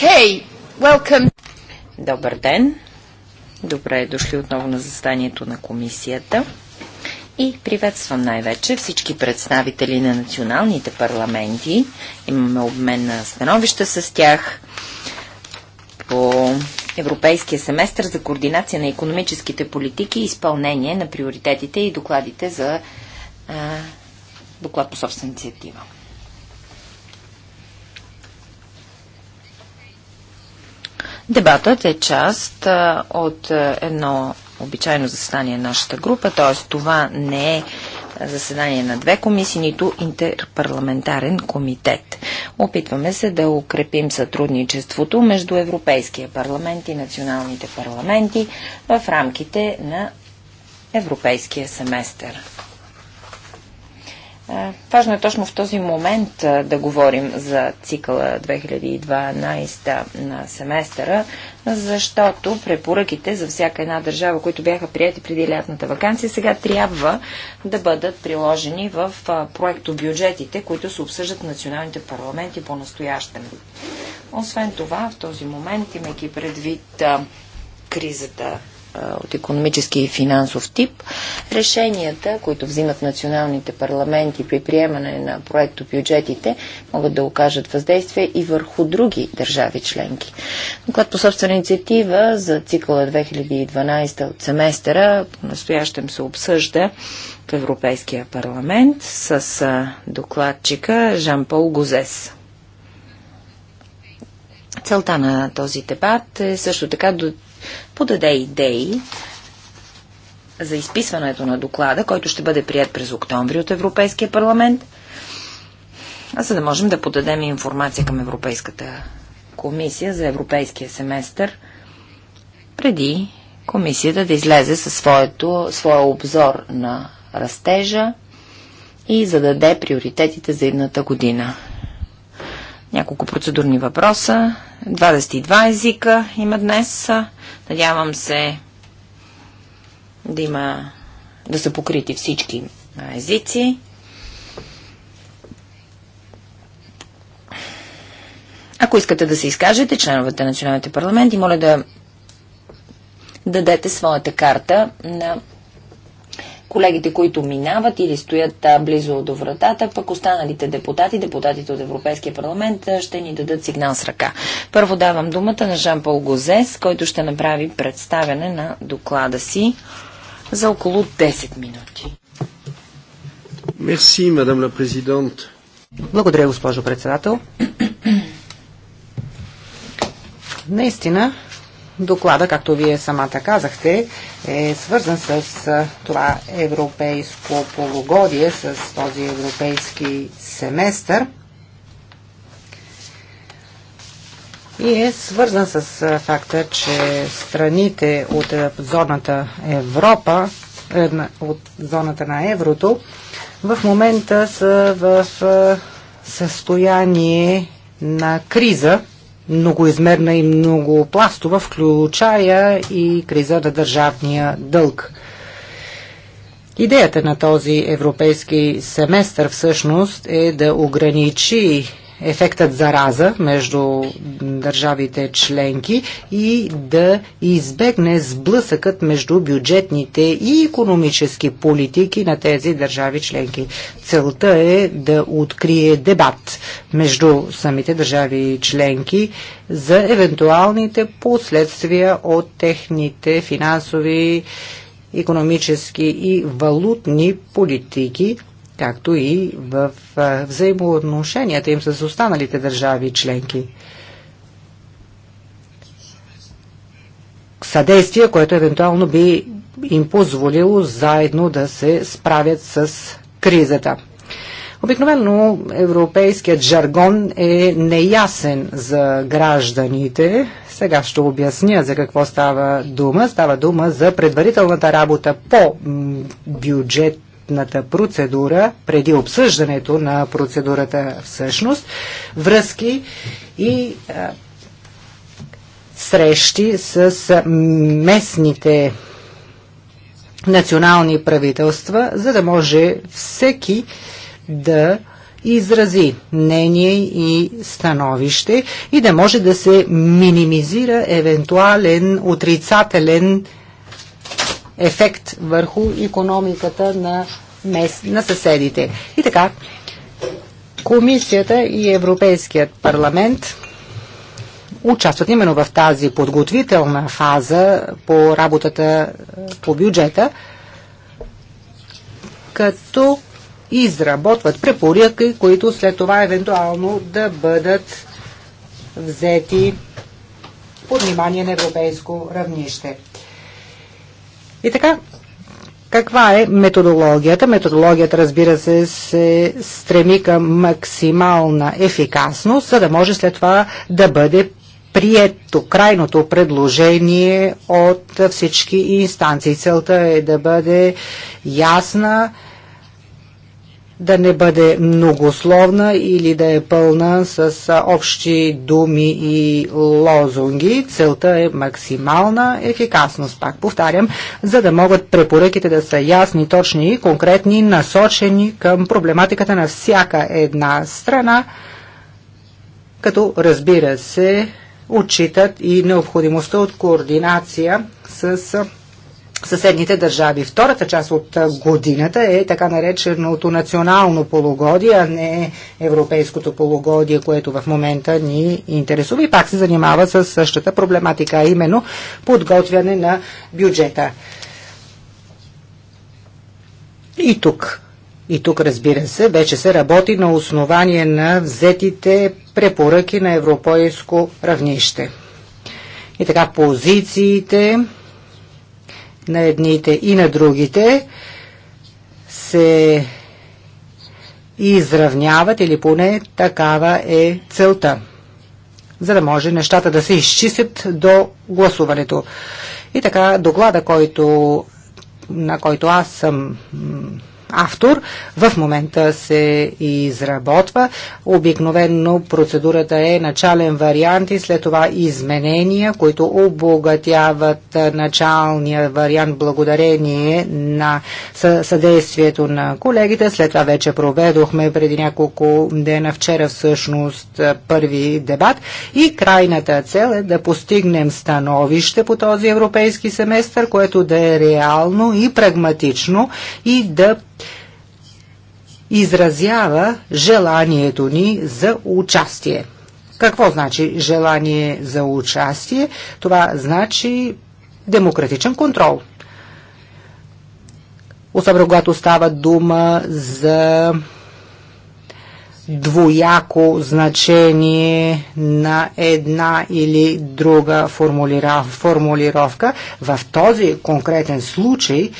Okay, welcome. Добър ден. Добре дошли отново на застанието на комисията. И приветствам най-вече всички представители на националните парламенти. Имаме обмен на становища с тях по Европейския семестър за координация на економическите политики и изпълнение на приоритетите и докладите за а, доклад по собствена инициатива. Дебатът е част а, от а, едно обичайно заседание на нашата група, т.е. това не е заседание на две комисии, нито интерпарламентарен комитет. Опитваме се да укрепим сътрудничеството между Европейския парламент и националните парламенти в рамките на Европейския семестър. Е, важно е точно в този момент е, да говорим за цикъла 2012 на семестъра, защото препоръките за всяка една държава, които бяха прияти преди лятната вакансия, сега трябва да бъдат приложени в е, проекто бюджетите, които се обсъждат в националните парламенти по настоящен Освен това, в този момент, имайки предвид кризата от економически и финансов тип, решенията, които взимат националните парламенти при приемане на проекто бюджетите, могат да окажат въздействие и върху други държави членки. Доклад по собствена инициатива за цикъла 2012 от семестъра настоящем се обсъжда в Европейския парламент с докладчика Жан-Пол Гозес. Целта на този дебат е също така до подаде идеи за изписването на доклада, който ще бъде прият през октомври от Европейския парламент, а за да можем да подадем информация към Европейската комисия за Европейския семестър преди комисията да излезе със своето, своя обзор на растежа и зададе приоритетите за едната година. Няколко процедурни въпроса. 22 езика има днес. Надявам се да има да са покрити всички езици. Ако искате да се изкажете, членовете на националните парламенти, моля да дадете своята карта на колегите, които минават или стоят близо до вратата, пък останалите депутати, депутатите от Европейския парламент ще ни дадат сигнал с ръка. Първо давам думата на Жан-Пол Гозес, който ще направи представяне на доклада си за около 10 минути. Мерси, мадам ла президент. Благодаря, госпожо председател. Наистина, доклада, както вие самата казахте, е свързан с това европейско полугодие, с този европейски семестър и е свързан с факта, че страните от зоната Европа, е, от зоната на еврото, в момента са в състояние на криза, многоизмерна и многопластова, включая и криза на държавния дълг. Идеята на този европейски семестър всъщност е да ограничи ефектът зараза между държавите членки и да избегне сблъсъкът между бюджетните и економически политики на тези държави членки. Целта е да открие дебат между самите държави членки за евентуалните последствия от техните финансови, економически и валутни политики – както и в взаимоотношенията им с останалите държави и членки. Съдействие, което евентуално би им позволило заедно да се справят с кризата. Обикновено европейският жаргон е неясен за гражданите. Сега ще обясня за какво става дума. Става дума за предварителната работа по бюджет бюджетната процедура, преди обсъждането на процедурата всъщност, връзки и а, срещи с местните национални правителства, за да може всеки да изрази мнение и становище и да може да се минимизира евентуален отрицателен ефект върху економиката на, мес, на съседите. И така, Комисията и Европейският парламент участват именно в тази подготвителна фаза по работата е, по бюджета, като изработват препоръки, които след това евентуално да бъдат взети под внимание на европейско равнище. И така, каква е методологията? Методологията, разбира се, се стреми към максимална ефикасност, за да може след това да бъде прието крайното предложение от всички инстанции. Целта е да бъде ясна, да не бъде многословна или да е пълна с общи думи и лозунги. Целта е максимална ефикасност, пак повтарям, за да могат препоръките да са ясни, точни и конкретни, насочени към проблематиката на всяка една страна, като разбира се, отчитат и необходимостта от координация с съседните държави. Втората част от годината е така нареченото национално полугодие, а не европейското полугодие, което в момента ни интересува и пак се занимава с същата проблематика, а именно подготвяне на бюджета. И тук и тук, разбира се, вече се работи на основание на взетите препоръки на европейско равнище. И така, позициите на едните и на другите се изравняват или поне такава е целта, за да може нещата да се изчистят до гласуването. И така доклада, който, на който аз съм автор, в момента се изработва. Обикновенно процедурата е начален вариант и след това изменения, които обогатяват началния вариант благодарение на съдействието на колегите. След това вече проведохме преди няколко дена вчера всъщност първи дебат и крайната цел е да постигнем становище по този европейски семестър, което да е реално и прагматично и да изразява желанието ни за участие. Какво значи желание за участие? Това значи демократичен контрол. Особено когато става дума за двояко значение на една или друга формулировка. В този конкретен случай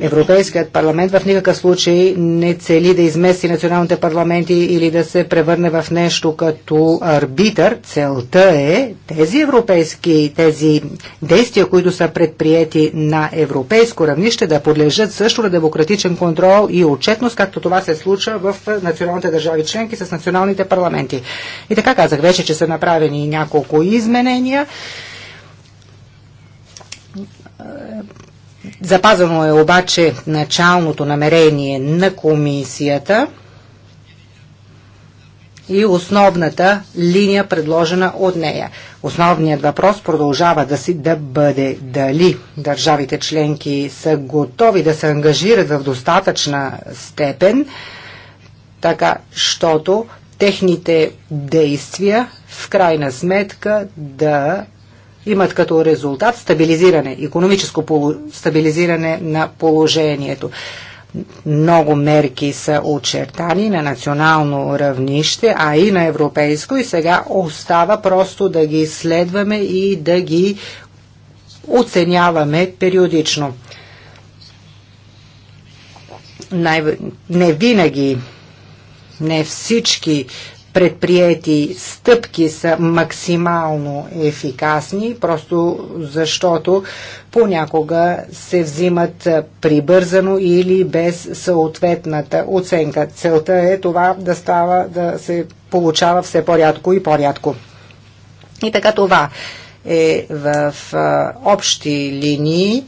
Европейският парламент в никакъв случай не цели да измести националните парламенти или да се превърне в нещо като арбитър. Целта е тези европейски, тези действия, които са предприяти на европейско равнище, да подлежат също на демократичен контрол и отчетност, както това се случва в националните държави членки с националните парламенти. И така казах вече, че са направени няколко изменения Запазено е обаче началното намерение на комисията и основната линия предложена от нея. Основният въпрос продължава да си да бъде дали държавите членки са готови да се ангажират в достатъчна степен, така щото техните действия в крайна сметка да имат като резултат стабилизиране, економическо полу... стабилизиране на положението. Много мерки са очертани на национално равнище, а и на европейско и сега остава просто да ги следваме и да ги оценяваме периодично. Най- не винаги, не всички предприети стъпки са максимално ефикасни, просто защото понякога се взимат прибързано или без съответната оценка. Целта е това да става, да се получава все по-рядко и по-рядко. И така това е в общи линии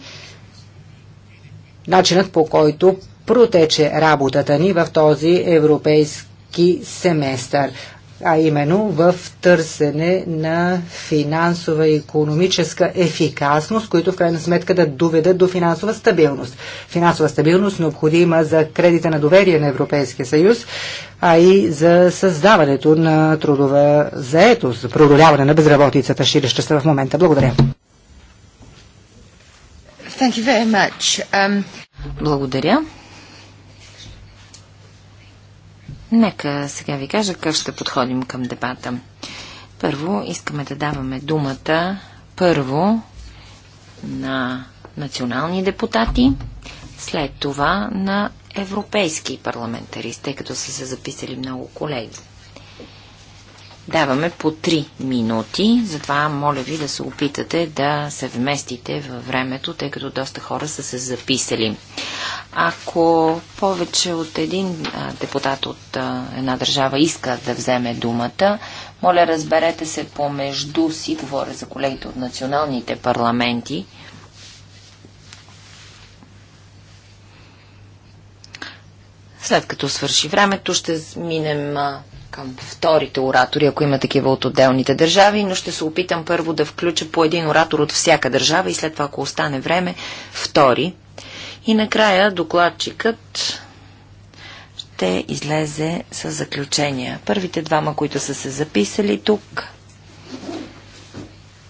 начинът по който протече работата ни в този европейски всеки семестър а именно в търсене на финансова и економическа ефикасност, които в крайна сметка да доведат до финансова стабилност. Финансова стабилност необходима за кредита на доверие на Европейския съюз, а и за създаването на трудова заетост, за преодоляване на безработицата, ширеща се в момента. Благодаря. Thank you very much. Um... Благодаря. Нека сега ви кажа как ще подходим към дебата. Първо, искаме да даваме думата първо на национални депутати, след това на европейски парламентаристи, тъй като са се записали много колеги. Даваме по 3 минути, затова моля ви да се опитате да се вместите във времето, тъй като доста хора са се записали. Ако повече от един а, депутат от а, една държава иска да вземе думата, моля разберете се помежду си, говоря за колегите от националните парламенти, След като свърши времето, ще минем към вторите оратори, ако има такива от отделните държави, но ще се опитам първо да включа по един оратор от всяка държава и след това, ако остане време, втори. И накрая докладчикът ще излезе с заключения. Първите двама, които са се записали тук,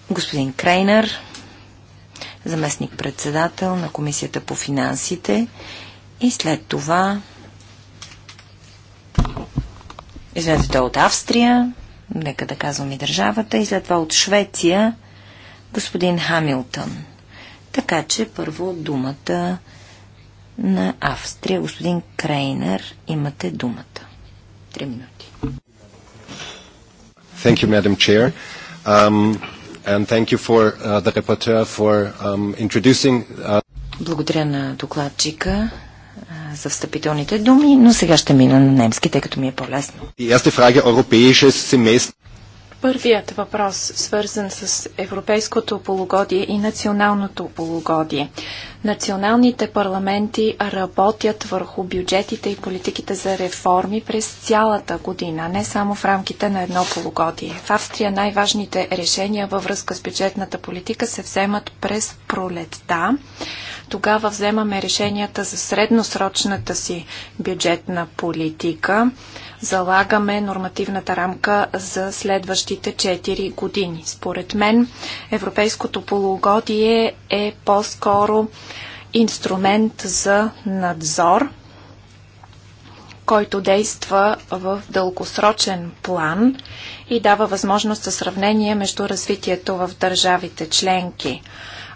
господин Крейнер, заместник-председател на Комисията по финансите и след това Извинете, той е от Австрия, нека да казвам и държавата, и след това от Швеция, господин Хамилтън. Така че първо думата на Австрия. Господин Крейнер, имате думата. Три минути. Thank you, Madam Chair. Um, and thank you for uh, the rapporteur for um, introducing... Uh... Благодаря на докладчика за встъпителните думи, но сега ще мина на немски, тъй като ми е по-лесно. Първият въпрос, свързан с европейското полугодие и националното полугодие. Националните парламенти работят върху бюджетите и политиките за реформи през цялата година, не само в рамките на едно полугодие. В Австрия най-важните решения във връзка с бюджетната политика се вземат през пролетта тогава вземаме решенията за средносрочната си бюджетна политика. Залагаме нормативната рамка за следващите 4 години. Според мен, европейското полугодие е по-скоро инструмент за надзор, който действа в дългосрочен план и дава възможност за сравнение между развитието в държавите членки –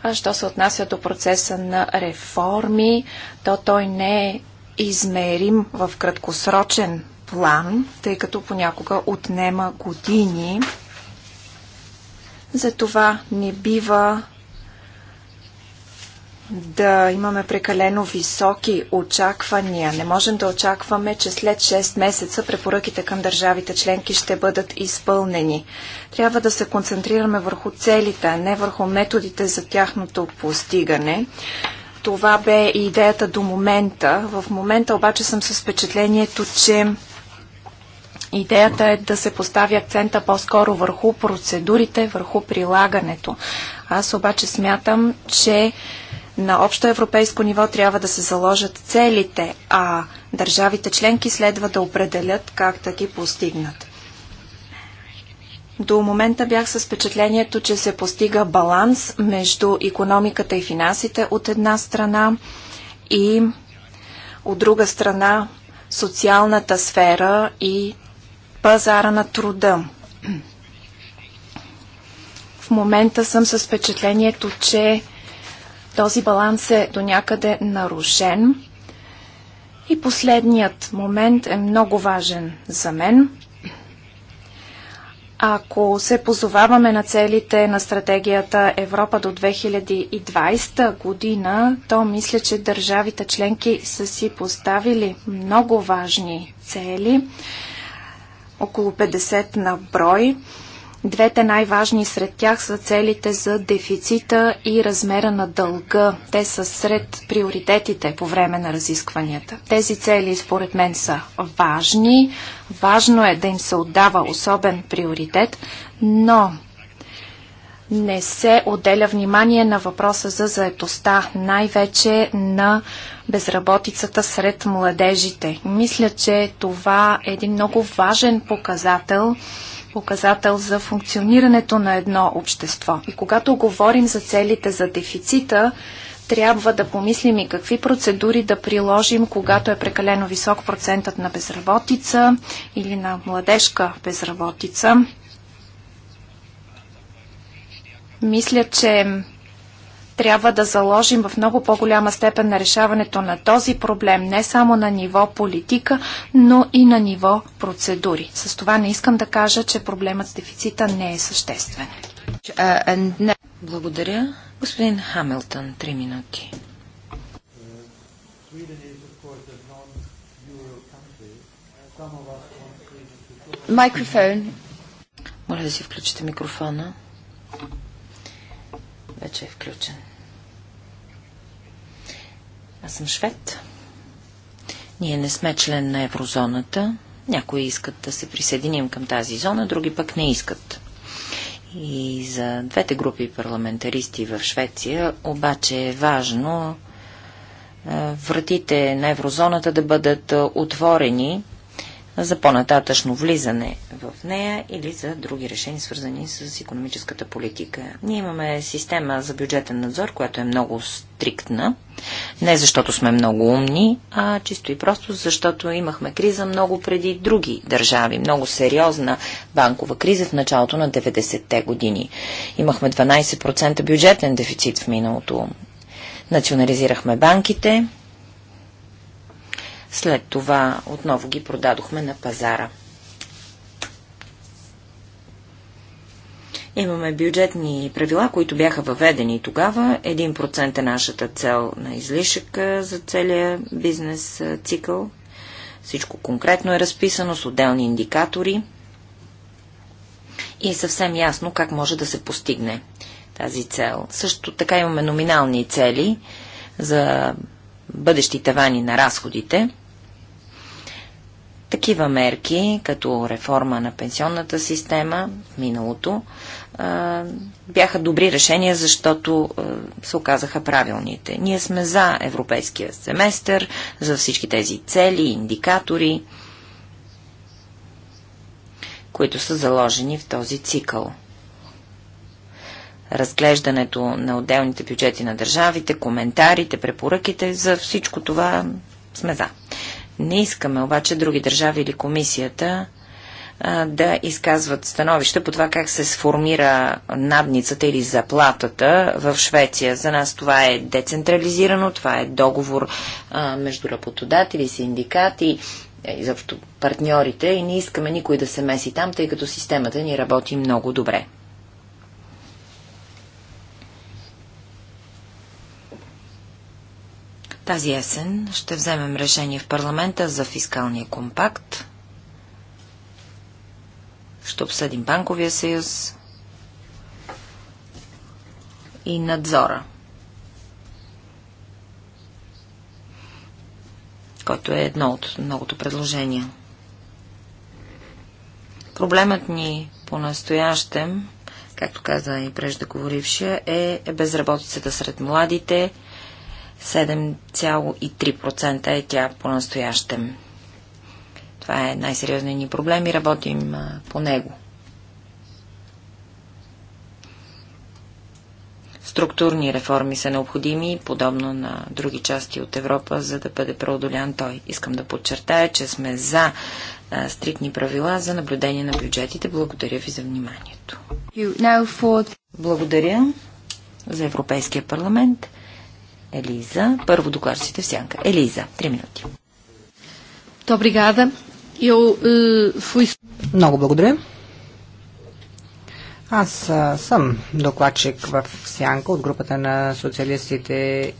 а що се отнася до процеса на реформи, то той не е измерим в краткосрочен план, тъй като понякога отнема години. Затова не бива да имаме прекалено високи очаквания. Не можем да очакваме, че след 6 месеца препоръките към държавите членки ще бъдат изпълнени. Трябва да се концентрираме върху целите, а не върху методите за тяхното постигане. Това бе и идеята до момента. В момента обаче съм с впечатлението, че Идеята е да се постави акцента по-скоро върху процедурите, върху прилагането. Аз обаче смятам, че на общо европейско ниво трябва да се заложат целите, а държавите членки следва да определят как да ги постигнат. До момента бях с впечатлението, че се постига баланс между економиката и финансите от една страна и от друга страна социалната сфера и пазара на труда. В момента съм с впечатлението, че този баланс е до някъде нарушен. И последният момент е много важен за мен. Ако се позоваваме на целите на стратегията Европа до 2020 година, то мисля, че държавите членки са си поставили много важни цели, около 50 на брой. Двете най-важни сред тях са целите за дефицита и размера на дълга. Те са сред приоритетите по време на разискванията. Тези цели, според мен, са важни. Важно е да им се отдава особен приоритет, но не се отделя внимание на въпроса за заетостта, най-вече на безработицата сред младежите. Мисля, че това е един много важен показател показател за функционирането на едно общество. И когато говорим за целите за дефицита, трябва да помислим и какви процедури да приложим, когато е прекалено висок процентът на безработица или на младежка безработица. Мисля, че трябва да заложим в много по-голяма степен на решаването на този проблем, не само на ниво политика, но и на ниво процедури. С това не искам да кажа, че проблемът с дефицита не е съществен. Благодаря. Господин Хамилтон, три минути. Микрофон. Моля да си включите микрофона. Вече е включен. Аз съм швед. Ние не сме член на еврозоната. Някои искат да се присъединим към тази зона, други пък не искат. И за двете групи парламентаристи в Швеция обаче е важно вратите на еврозоната да бъдат отворени за по-нататъчно влизане в нея или за други решения, свързани с економическата политика. Ние имаме система за бюджетен надзор, която е много стриктна. Не защото сме много умни, а чисто и просто защото имахме криза много преди други държави. Много сериозна банкова криза в началото на 90-те години. Имахме 12% бюджетен дефицит в миналото. Национализирахме банките, след това отново ги продадохме на пазара. Имаме бюджетни правила, които бяха въведени тогава. 1% е нашата цел на излишък за целия бизнес цикъл. Всичко конкретно е разписано с отделни индикатори и е съвсем ясно как може да се постигне тази цел. Също така имаме номинални цели за бъдещи тавани на разходите, такива мерки, като реформа на пенсионната система в миналото, бяха добри решения, защото се оказаха правилните. Ние сме за европейския семестър, за всички тези цели, индикатори, които са заложени в този цикъл разглеждането на отделните бюджети на държавите, коментарите, препоръките, за всичко това сме за. Не искаме обаче други държави или комисията а, да изказват становища по това как се сформира надницата или заплатата в Швеция. За нас това е децентрализирано, това е договор а, между работодатели, синдикати е, и партньорите и не искаме никой да се меси там, тъй като системата ни работи много добре. Тази есен ще вземем решение в парламента за фискалния компакт. Ще обсъдим банковия съюз и надзора, който е едно от многото предложения. Проблемът ни по-настоящем, както каза и преждеговорившия, е безработицата сред младите – 7,3% е тя по-настоящем. Това е най-сериозният ни проблем и работим по него. Структурни реформи са необходими, подобно на други части от Европа, за да бъде преодолян той. Искам да подчертая, че сме за а, стрикни правила за наблюдение на бюджетите. Благодаря ви за вниманието. Благодаря за Европейския парламент. Елиза. Първо докладчите в сянка. Елиза, три минути. Е, Много благодаря. Аз съм докладчик в Сянка от групата на социалистите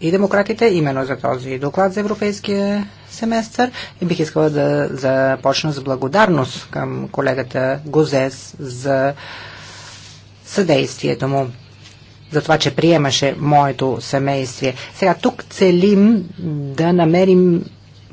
и демократите, именно за този доклад за европейския семестър. И бих искала да започна с благодарност към колегата Гозес за съдействието му за това, че приемаше моето семействие. Сега тук целим да намерим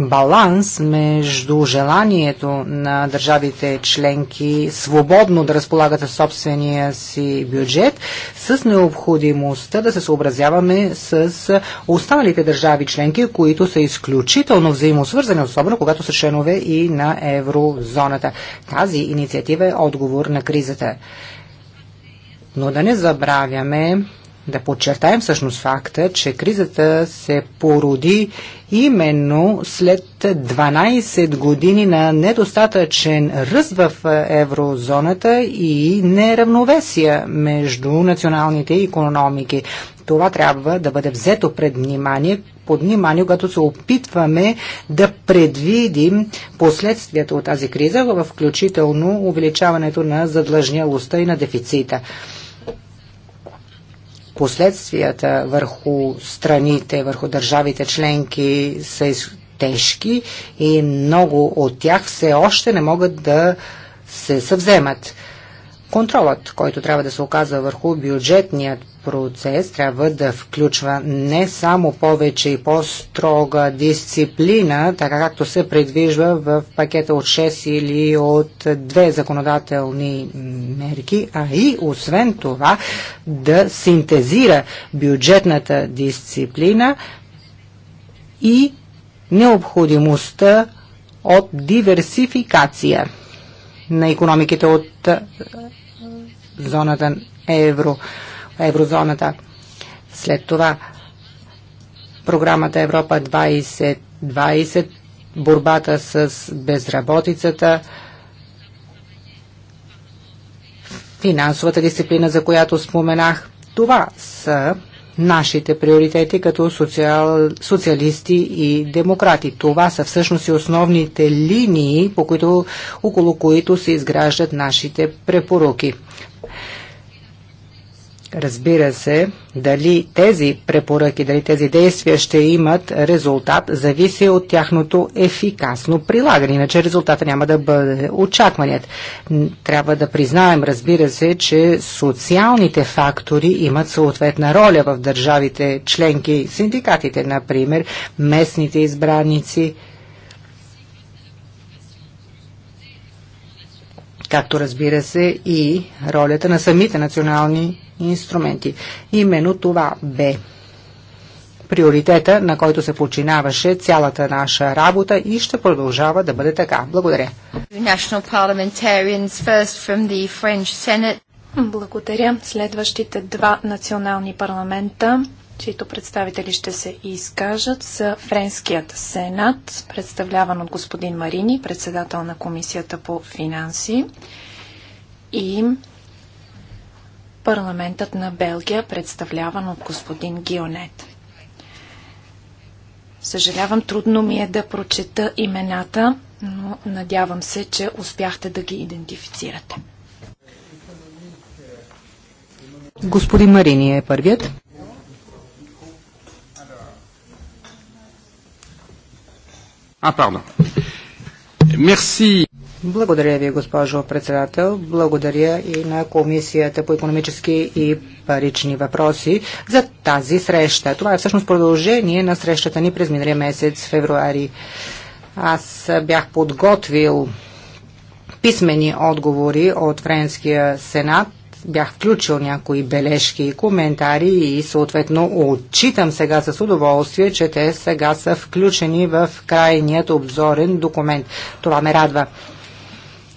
баланс между желанието на държавите членки свободно да разполагат със собствения си бюджет с необходимостта да се съобразяваме с останалите държави членки, които са изключително взаимосвързани, особено когато са членове и на еврозоната. Тази инициатива е отговор на кризата. Но да не забравяме да подчертаем всъщност факта, че кризата се породи именно след 12 години на недостатъчен ръст в еврозоната и неравновесия между националните економики. Това трябва да бъде взето пред внимание, под внимание, когато се опитваме да предвидим последствията от тази криза, включително увеличаването на задлъжнялостта и на дефицита последствията върху страните, върху държавите членки са тежки и много от тях все още не могат да се съвземат. Контролът, който трябва да се оказва върху бюджетният процес, трябва да включва не само повече и по-строга дисциплина, така както се предвижва в пакета от 6 или от 2 законодателни мерки, а и освен това да синтезира бюджетната дисциплина и необходимостта от диверсификация на економиките от зоната евро, еврозоната. След това програмата Европа 2020, 20, борбата с безработицата, финансовата дисциплина, за която споменах. Това са нашите приоритети като социал, социалисти и демократи. Това са всъщност и основните линии, по които, около които се изграждат нашите препоръки. Разбира се, дали тези препоръки, дали тези действия ще имат резултат, зависи от тяхното ефикасно прилагане, иначе резултата няма да бъде очакваният. Трябва да признаем, разбира се, че социалните фактори имат съответна роля в държавите членки, синдикатите, например, местните избраници – както разбира се и ролята на самите национални инструменти. Именно това бе приоритета, на който се починаваше цялата наша работа и ще продължава да бъде така. Благодаря. Благодаря. Следващите два национални парламента чието представители ще се изкажат, са Френският сенат, представляван от господин Марини, председател на Комисията по финанси и парламентът на Белгия, представляван от господин Гионет. Съжалявам, трудно ми е да прочета имената, но надявам се, че успяхте да ги идентифицирате. Господин Марини е първият. А, правда. Мерси. Благодаря ви, госпожо председател. Благодаря и на Комисията по економически и парични въпроси за тази среща. Това е всъщност продължение на срещата ни през миналия месец, февруари. Аз бях подготвил писмени отговори от Френския сенат бях включил някои бележки и коментари и съответно отчитам сега с удоволствие, че те сега са включени в крайният обзорен документ. Това ме радва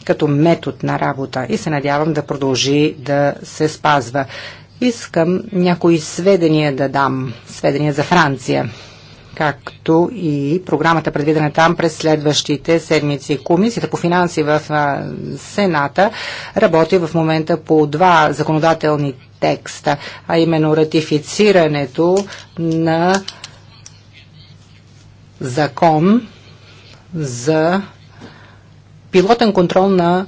като метод на работа и се надявам да продължи да се спазва. Искам някои сведения да дам, сведения за Франция както и програмата предвидена там през следващите седмици. Комисията по финанси в Сената работи в момента по два законодателни текста, а именно ратифицирането на закон за пилотен контрол на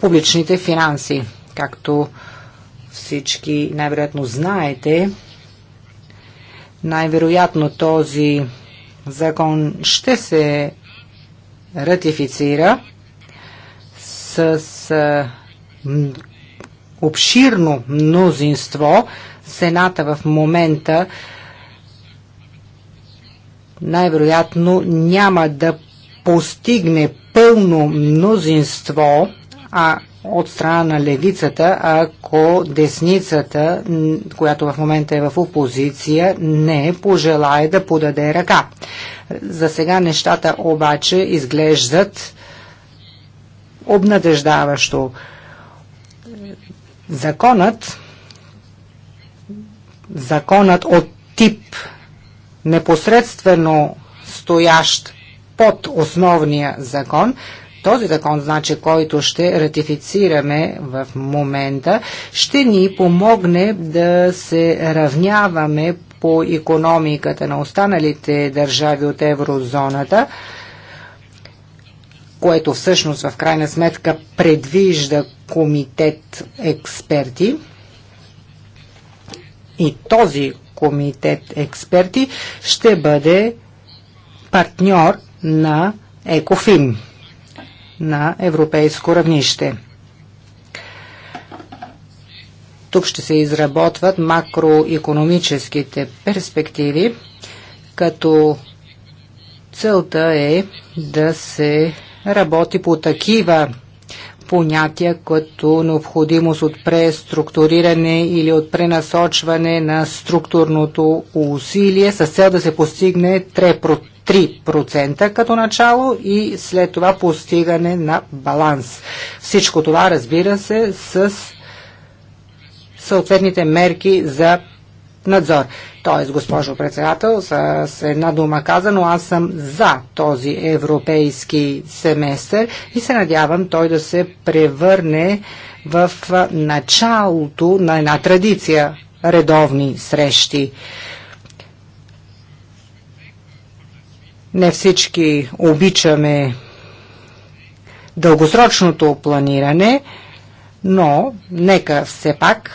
публичните финанси. Както всички най-вероятно знаете, най-вероятно този закон ще се ратифицира с обширно мнозинство. Сената в момента най-вероятно няма да постигне пълно мнозинство, а от страна на левицата, ако десницата, която в момента е в опозиция, не пожелае да подаде ръка. За сега нещата обаче изглеждат обнадеждаващо. Законът, законът от тип непосредствено стоящ под основния закон, този закон, значи, който ще ратифицираме в момента, ще ни помогне да се равняваме по економиката на останалите държави от еврозоната, което всъщност в крайна сметка предвижда комитет експерти. И този комитет експерти ще бъде партньор на Екофин на европейско равнище. Тук ще се изработват макроекономическите перспективи, като целта е да се работи по такива понятия като необходимост от преструктуриране или от пренасочване на структурното усилие с цел да се постигне 3%, 3% като начало и след това постигане на баланс. Всичко това разбира се с съответните мерки за надзор. Тоест, госпожо председател, с една дума казано, аз съм за този европейски семестър и се надявам той да се превърне в началото на една традиция редовни срещи. Не всички обичаме дългосрочното планиране, но нека все пак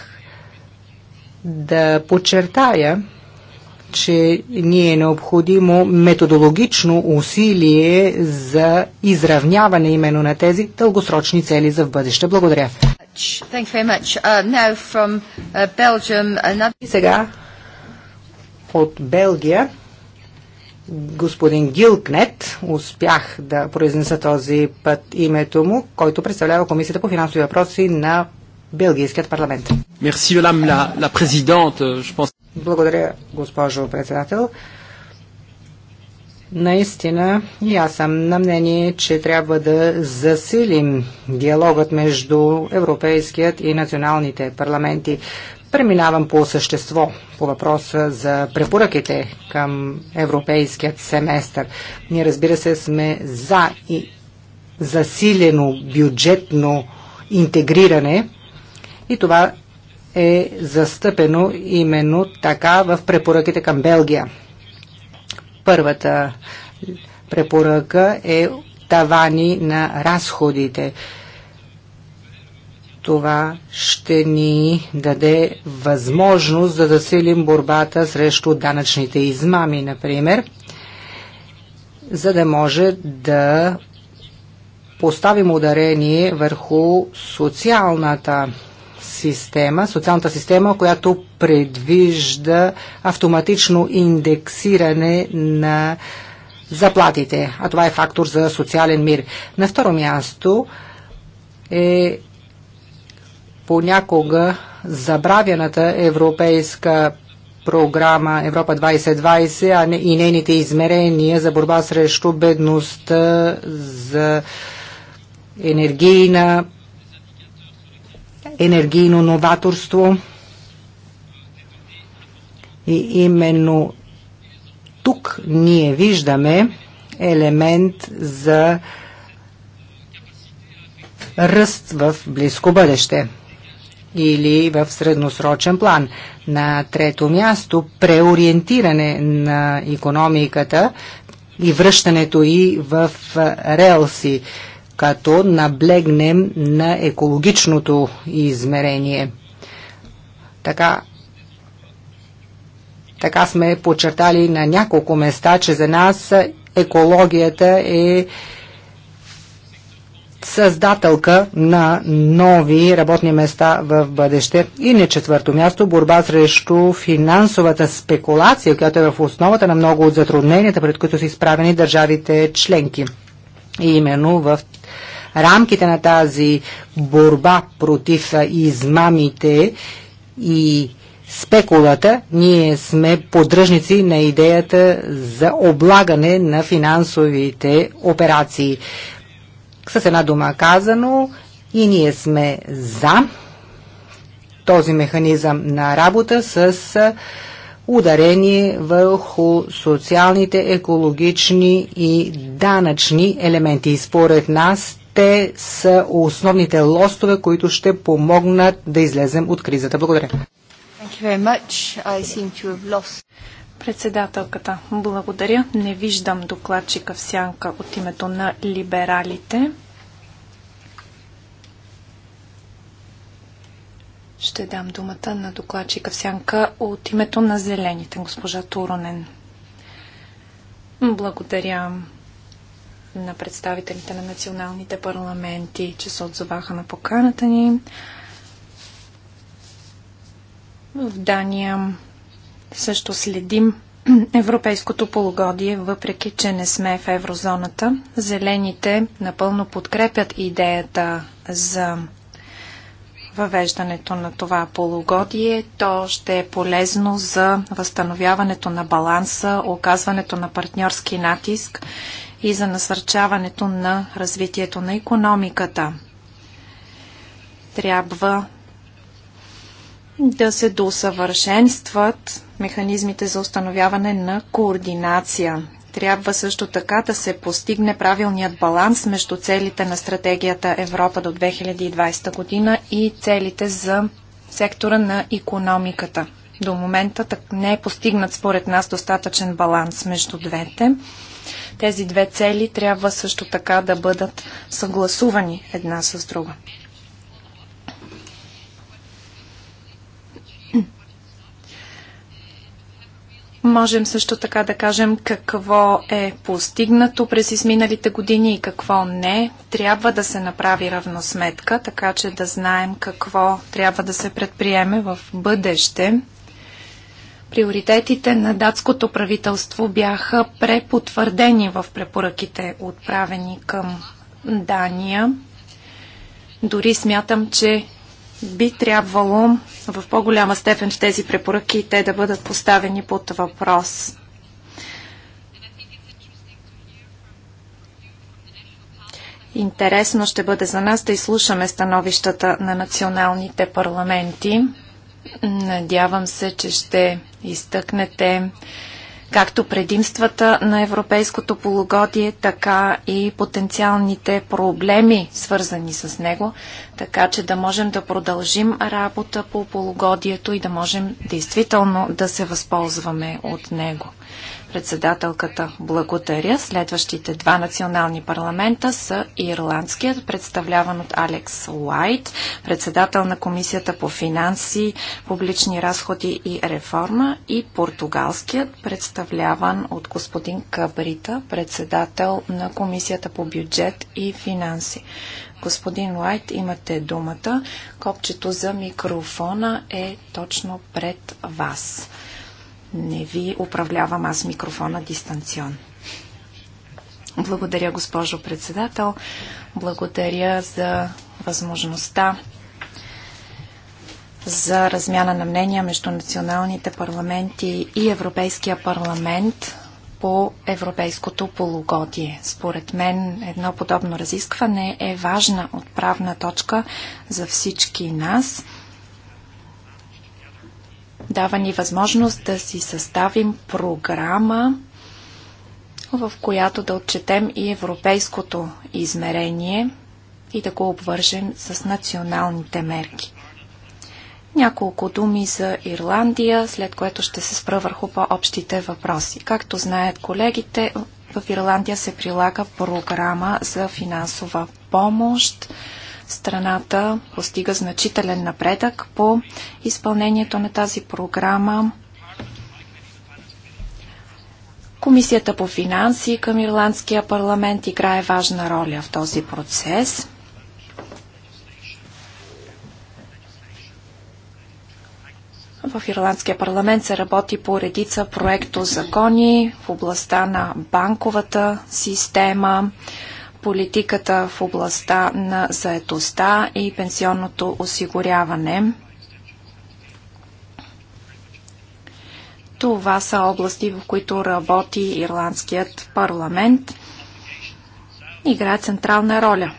да подчертая, че ни е необходимо методологично усилие за изравняване именно на тези дългосрочни цели за в бъдеще. Благодаря. Uh, uh, И сега от Белгия господин Гилкнет, успях да произнеса този път името му, който представлява Комисията по финансови въпроси на Белгийският парламент. Merci, madame la, la présidente. Je pense... Благодаря, госпожо председател. Наистина, и аз съм на мнение, че трябва да засилим диалогът между Европейският и националните парламенти. Преминавам по същество по въпроса за препоръките към европейският семестър. Ние разбира се сме за и засилено бюджетно интегриране и това е застъпено именно така в препоръките към Белгия. Първата препоръка е тавани на разходите това ще ни даде възможност да засилим борбата срещу данъчните измами, например, за да може да поставим ударение върху социалната система, социалната система, която предвижда автоматично индексиране на заплатите, а това е фактор за социален мир. На второ място е понякога забравяната европейска програма Европа 2020 а не, и нейните измерения за борба срещу бедността, за енергийна, енергийно новаторство. И именно тук ние виждаме елемент за ръст в близко бъдеще или в средносрочен план. На трето място преориентиране на економиката и връщането и в релси, като наблегнем на екологичното измерение. Така така сме подчертали на няколко места, че за нас екологията е създателка на нови работни места в бъдеще. И на четвърто място борба срещу финансовата спекулация, която е в основата на много от затрудненията, пред които са изправени държавите членки. И именно в рамките на тази борба против измамите и спекулата, ние сме поддръжници на идеята за облагане на финансовите операции. С една дума казано, и ние сме за този механизъм на работа с ударение върху социалните, екологични и данъчни елементи. И според нас те са основните лостове, които ще помогнат да излезем от кризата. Благодаря. Председателката, благодаря. Не виждам докладчика в сянка от името на либералите. Ще дам думата на докладчика сянка от името на Зелените, госпожа Туронен. Благодаря на представителите на националните парламенти, че се отзоваха на поканата ни. В Дания също следим европейското полугодие, въпреки че не сме в еврозоната. Зелените напълно подкрепят идеята за въвеждането на това полугодие. То ще е полезно за възстановяването на баланса, оказването на партньорски натиск и за насърчаването на развитието на економиката. Трябва да се досъвършенстват механизмите за установяване на координация трябва също така да се постигне правилният баланс между целите на стратегията Европа до 2020 година и целите за сектора на економиката. До момента так не е постигнат според нас достатъчен баланс между двете. Тези две цели трябва също така да бъдат съгласувани една с друга. Можем също така да кажем какво е постигнато през изминалите години и какво не. Трябва да се направи равносметка, така че да знаем какво трябва да се предприеме в бъдеще. Приоритетите на датското правителство бяха препотвърдени в препоръките, отправени към Дания. Дори смятам, че би трябвало в по-голяма степен в тези препоръки те да бъдат поставени под въпрос. Интересно ще бъде за нас да изслушаме становищата на националните парламенти. Надявам се, че ще изтъкнете както предимствата на европейското полугодие, така и потенциалните проблеми, свързани с него, така че да можем да продължим работа по полугодието и да можем действително да се възползваме от него. Председателката благодаря. Следващите два национални парламента са ирландският, представляван от Алекс Уайт, председател на Комисията по финанси, публични разходи и реформа и португалският, представляван от господин Кабрита, председател на Комисията по бюджет и финанси. Господин Лайт, имате думата. Копчето за микрофона е точно пред вас. Не ви управлявам аз микрофона дистанционно. Благодаря, госпожо председател. Благодаря за възможността за размяна на мнения между националните парламенти и Европейския парламент по европейското полугодие. Според мен едно подобно разискване е важна отправна точка за всички нас. Дава ни възможност да си съставим програма, в която да отчетем и европейското измерение и да го обвържем с националните мерки. Няколко думи за Ирландия, след което ще се спра върху по-общите въпроси. Както знаят колегите, в Ирландия се прилага програма за финансова помощ Страната постига значителен напредък по изпълнението на тази програма. Комисията по финанси към Ирландския парламент играе важна роля в този процес. В Ирландския парламент се работи по редица проекто закони в областта на банковата система, политиката в областта на заетостта и пенсионното осигуряване. Това са области, в които работи Ирландският парламент. Играе централна роля.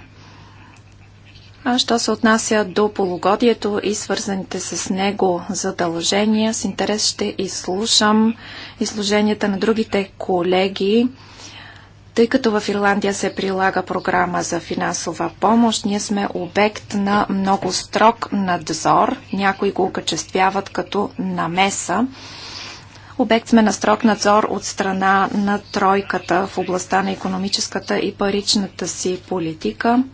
А що се отнася до полугодието и свързаните с него задължения, с интерес ще изслушам изложенията на другите колеги. Тъй като в Ирландия се прилага програма за финансова помощ, ние сме обект на много строг надзор. Някои го окачествяват като намеса. Обект сме на строг надзор от страна на тройката в областта на економическата и паричната си политика.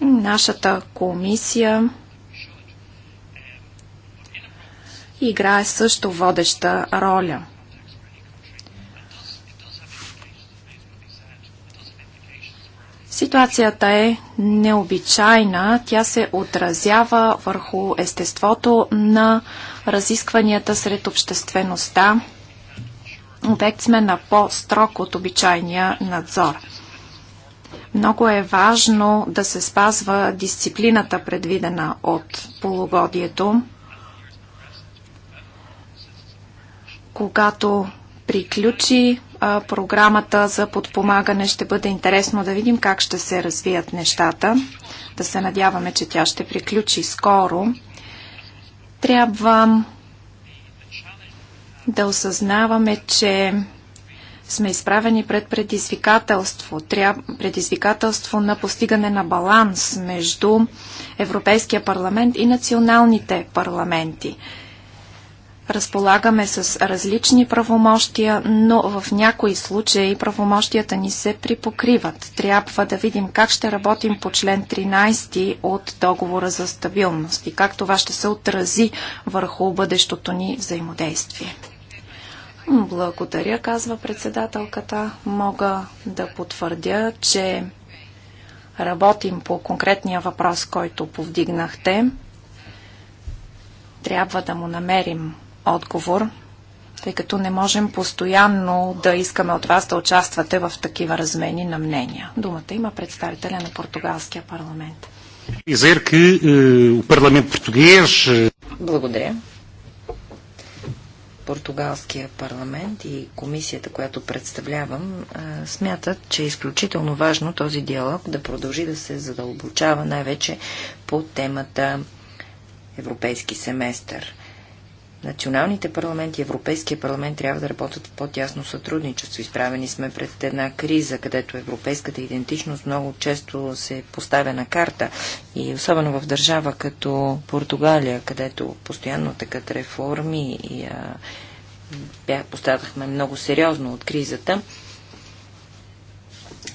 Нашата комисия играе също водеща роля – Ситуацията е необичайна. Тя се отразява върху естеството на разискванията сред обществеността. Обект сме на по-строг от обичайния надзор. Много е важно да се спазва дисциплината, предвидена от полугодието. Когато приключи програмата за подпомагане ще бъде интересно да видим как ще се развият нещата. Да се надяваме, че тя ще приключи скоро. Трябва да осъзнаваме, че сме изправени пред предизвикателство. Предизвикателство на постигане на баланс между Европейския парламент и националните парламенти разполагаме с различни правомощия, но в някои случаи правомощията ни се припокриват. Трябва да видим как ще работим по член 13 от договора за стабилност и как това ще се отрази върху бъдещото ни взаимодействие. Благодаря, казва председателката. Мога да потвърдя, че работим по конкретния въпрос, който повдигнахте трябва да му намерим отговор, тъй като не можем постоянно да искаме от вас да участвате в такива размени на мнения. Думата има представителя на португалския парламент. Е, е, Благодаря. Португалския парламент и комисията, която представлявам, е, смятат, че е изключително важно този диалог да продължи да се задълбочава най-вече по темата Европейски семестър. Националните парламенти и Европейския парламент трябва да работят в по-тясно сътрудничество. Изправени сме пред една криза, където европейската идентичност много често се поставя на карта. И особено в държава като Португалия, където постоянно такът реформи и а, много сериозно от кризата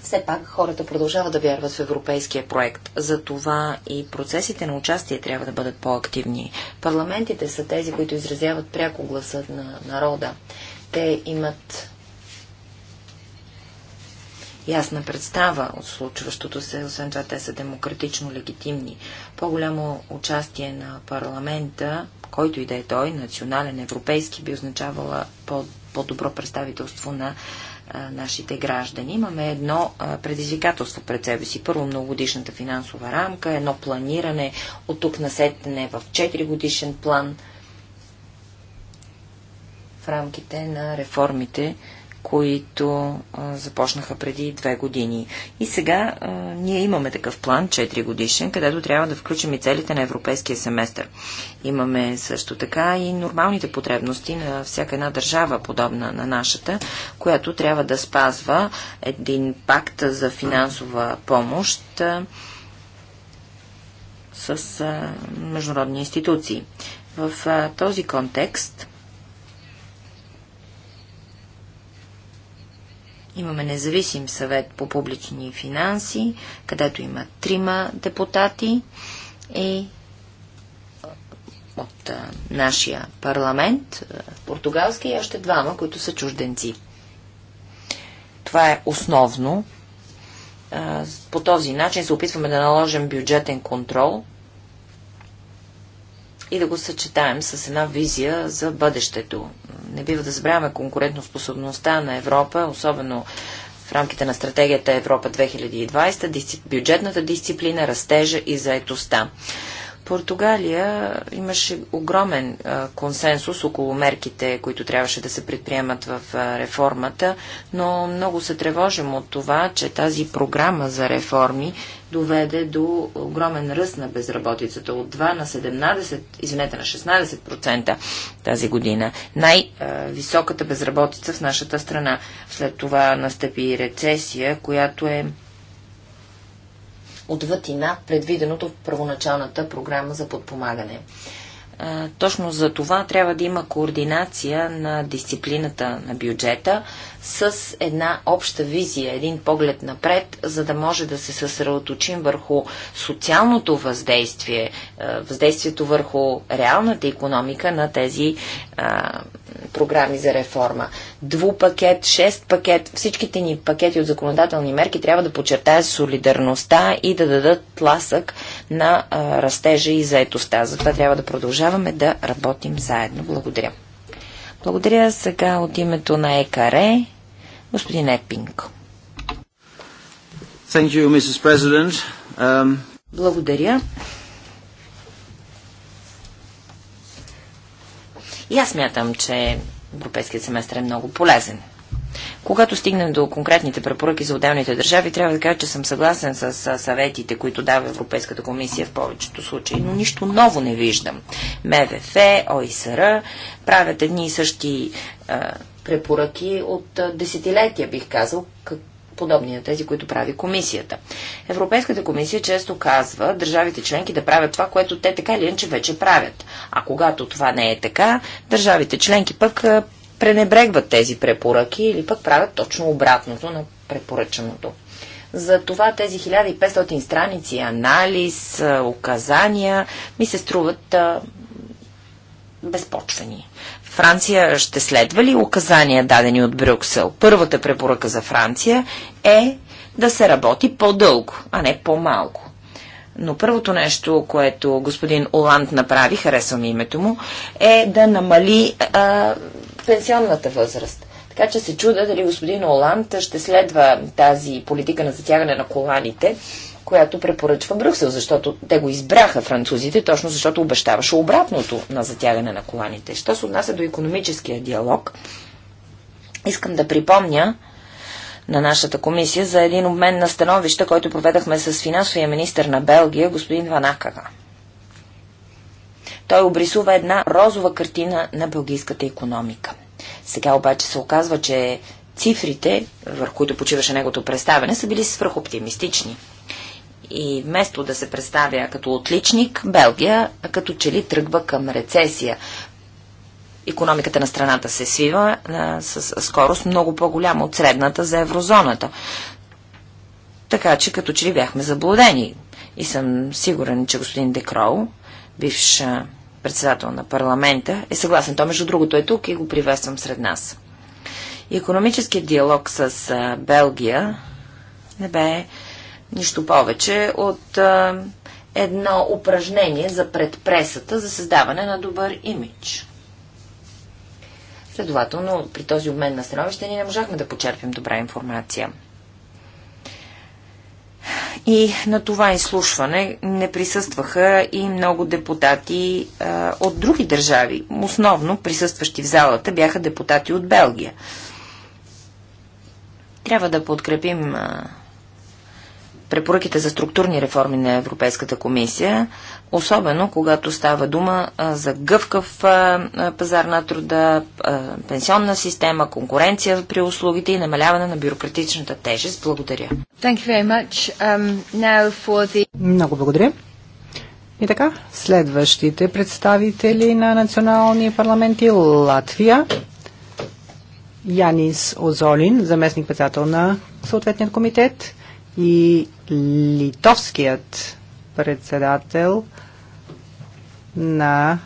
все пак хората продължават да вярват в европейския проект. Затова и процесите на участие трябва да бъдат по-активни. Парламентите са тези, които изразяват пряко гласът на народа. Те имат ясна представа от случващото се, освен това те са демократично легитимни. По-голямо участие на парламента, който и да е той, национален, европейски, би означавало по- по-добро представителство на нашите граждани. Имаме едно предизвикателство пред себе си. Първо многогодишната финансова рамка, едно планиране от тук на сетене в 4 годишен план в рамките на реформите, които а, започнаха преди две години. И сега а, ние имаме такъв план, 4 годишен, където трябва да включим и целите на европейския семестър. Имаме също така и нормалните потребности на всяка една държава, подобна на нашата, която трябва да спазва един пакт за финансова помощ а, с а, международни институции. В а, този контекст Имаме независим съвет по публични финанси, където има трима депутати и е, от а, е, нашия парламент, е, португалски и още двама, които са чужденци. Това е основно. А, по този начин се опитваме да наложим бюджетен контрол и да го съчетаем с една визия за бъдещето. Не бива да забравяме конкурентоспособността на Европа, особено в рамките на стратегията Европа 2020, бюджетната дисциплина, растежа и заетостта. Португалия имаше огромен консенсус около мерките, които трябваше да се предприемат в реформата, но много се тревожим от това, че тази програма за реформи доведе до огромен ръст на безработицата от 2 на 17, извинете, на 16% тази година. Най-високата безработица в нашата страна. След това настъпи рецесия, която е отвъд и над предвиденото в първоначалната програма за подпомагане. Точно за това трябва да има координация на дисциплината на бюджета, с една обща визия, един поглед напред, за да може да се съсредоточим върху социалното въздействие, е, въздействието върху реалната економика на тези а, е, програми за реформа. Двупакет, шест пакет, всичките ни пакети от законодателни мерки трябва да подчертаят солидарността и да дадат тласък на а, е, растежа и заетостта. Затова трябва да продължаваме да работим заедно. Благодаря. Благодаря сега от името на ЕКАРЕ, господин Епинко. Thank you, Mrs. President. Um... Благодаря. И аз мятам, че европейският семестър е много полезен. Когато стигнем до конкретните препоръки за отделните държави, трябва да кажа, че съм съгласен с съветите, които дава Европейската комисия в повечето случаи, но нищо ново не виждам. МВФ, ОИСР правят едни и същи а, препоръки от десетилетия, бих казал, как подобни на тези, които прави комисията. Европейската комисия често казва държавите членки да правят това, което те така или иначе вече правят. А когато това не е така, държавите членки пък пренебрегват тези препоръки или пък правят точно обратното на препоръчаното. За това тези 1500 страници, анализ, указания ми се струват а, безпочвени. Франция ще следва ли указания, дадени от Брюксел? Първата препоръка за Франция е да се работи по-дълго, а не по-малко. Но първото нещо, което господин Оланд направи, харесвам името му, е да намали а, пенсионната възраст. Така че се чуда дали господин Оланд ще следва тази политика на затягане на коланите, която препоръчва Брюксел, защото те го избраха французите, точно защото обещаваше обратното на затягане на коланите. Що се отнася до економическия диалог, искам да припомня на нашата комисия за един обмен на становища, който проведахме с финансовия министр на Белгия, господин Ванакага. Той обрисува една розова картина на бългийската економика. Сега обаче се оказва, че цифрите, върху които почиваше негото представяне, са били свръхоптимистични. И вместо да се представя като отличник, Белгия като че ли тръгва към рецесия. Економиката на страната се свива а, с скорост много по-голяма от средната за еврозоната. Така че като че ли бяхме заблудени. И съм сигурен, че господин Декрол, бивш председател на парламента, е съгласен. то между другото, е тук и го приветствам сред нас. И економическият диалог с Белгия не бе нищо повече от едно упражнение за предпресата за създаване на добър имидж. Следователно, при този обмен на становище ние не можахме да почерпим добра информация. И на това изслушване не присъстваха и много депутати а, от други държави. Основно присъстващи в залата бяха депутати от Белгия. Трябва да подкрепим а, препоръките за структурни реформи на Европейската комисия, особено когато става дума за гъвкав пазар на труда, пенсионна система, конкуренция при услугите и намаляване на бюрократичната тежест. Благодаря. Um, the... Много благодаря. И така, следващите представители на националния парламент и Латвия. Янис Озолин, заместник-председател на съответният комитет и литовският председател на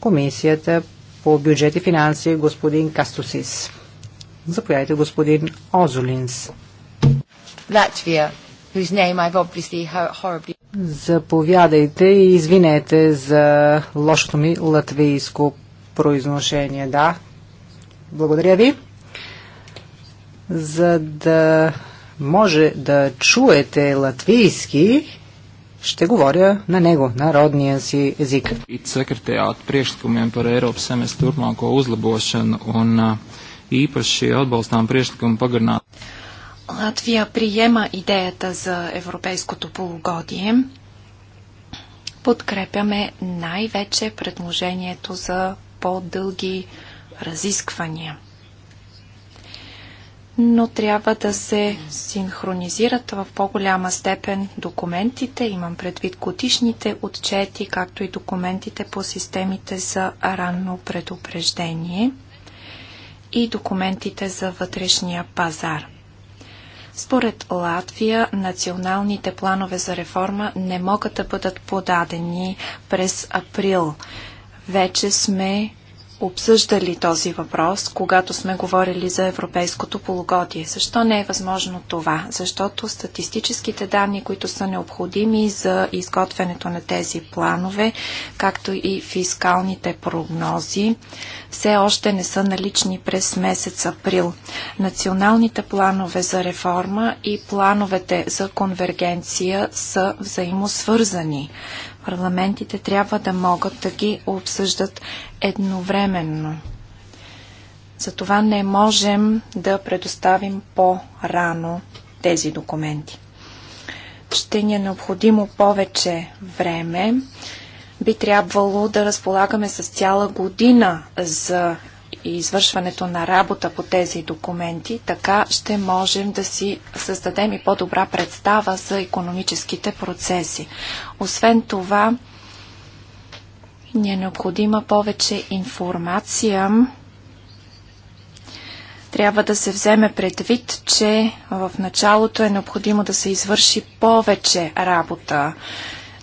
Комисията по бюджет и финанси господин Кастосис. Заповядайте господин Озолинс. Латвия, whose name I've obviously horribly... Заповядайте и извинете за лошото ми латвийско произношение. Да, благодаря ви. За да може да чуете латвийски, ще говоря на него, на родния си език. И от It sekretariāta priekšlikumiem par Eiropas semestra turpmāko uzlabošanu un īpaši atbalstām priekšlikumu pagarināt. Латвия приема идеята за европейското полугодие. Подкрепяме най-вече предложението за по-дълги разисквания но трябва да се синхронизират в по-голяма степен документите, имам предвид годишните отчети, както и документите по системите за ранно предупреждение и документите за вътрешния пазар. Според Латвия, националните планове за реформа не могат да бъдат подадени през април. Вече сме обсъждали този въпрос, когато сме говорили за европейското полугодие. Защо не е възможно това? Защото статистическите данни, които са необходими за изготвянето на тези планове, както и фискалните прогнози, все още не са налични през месец април. Националните планове за реформа и плановете за конвергенция са взаимосвързани. Парламентите трябва да могат да ги обсъждат едновременно. Затова не можем да предоставим по-рано тези документи. Ще ни е необходимо повече време. Би трябвало да разполагаме с цяла година за и извършването на работа по тези документи, така ще можем да си създадем и по-добра представа за економическите процеси. Освен това, ни е необходима повече информация. Трябва да се вземе предвид, че в началото е необходимо да се извърши повече работа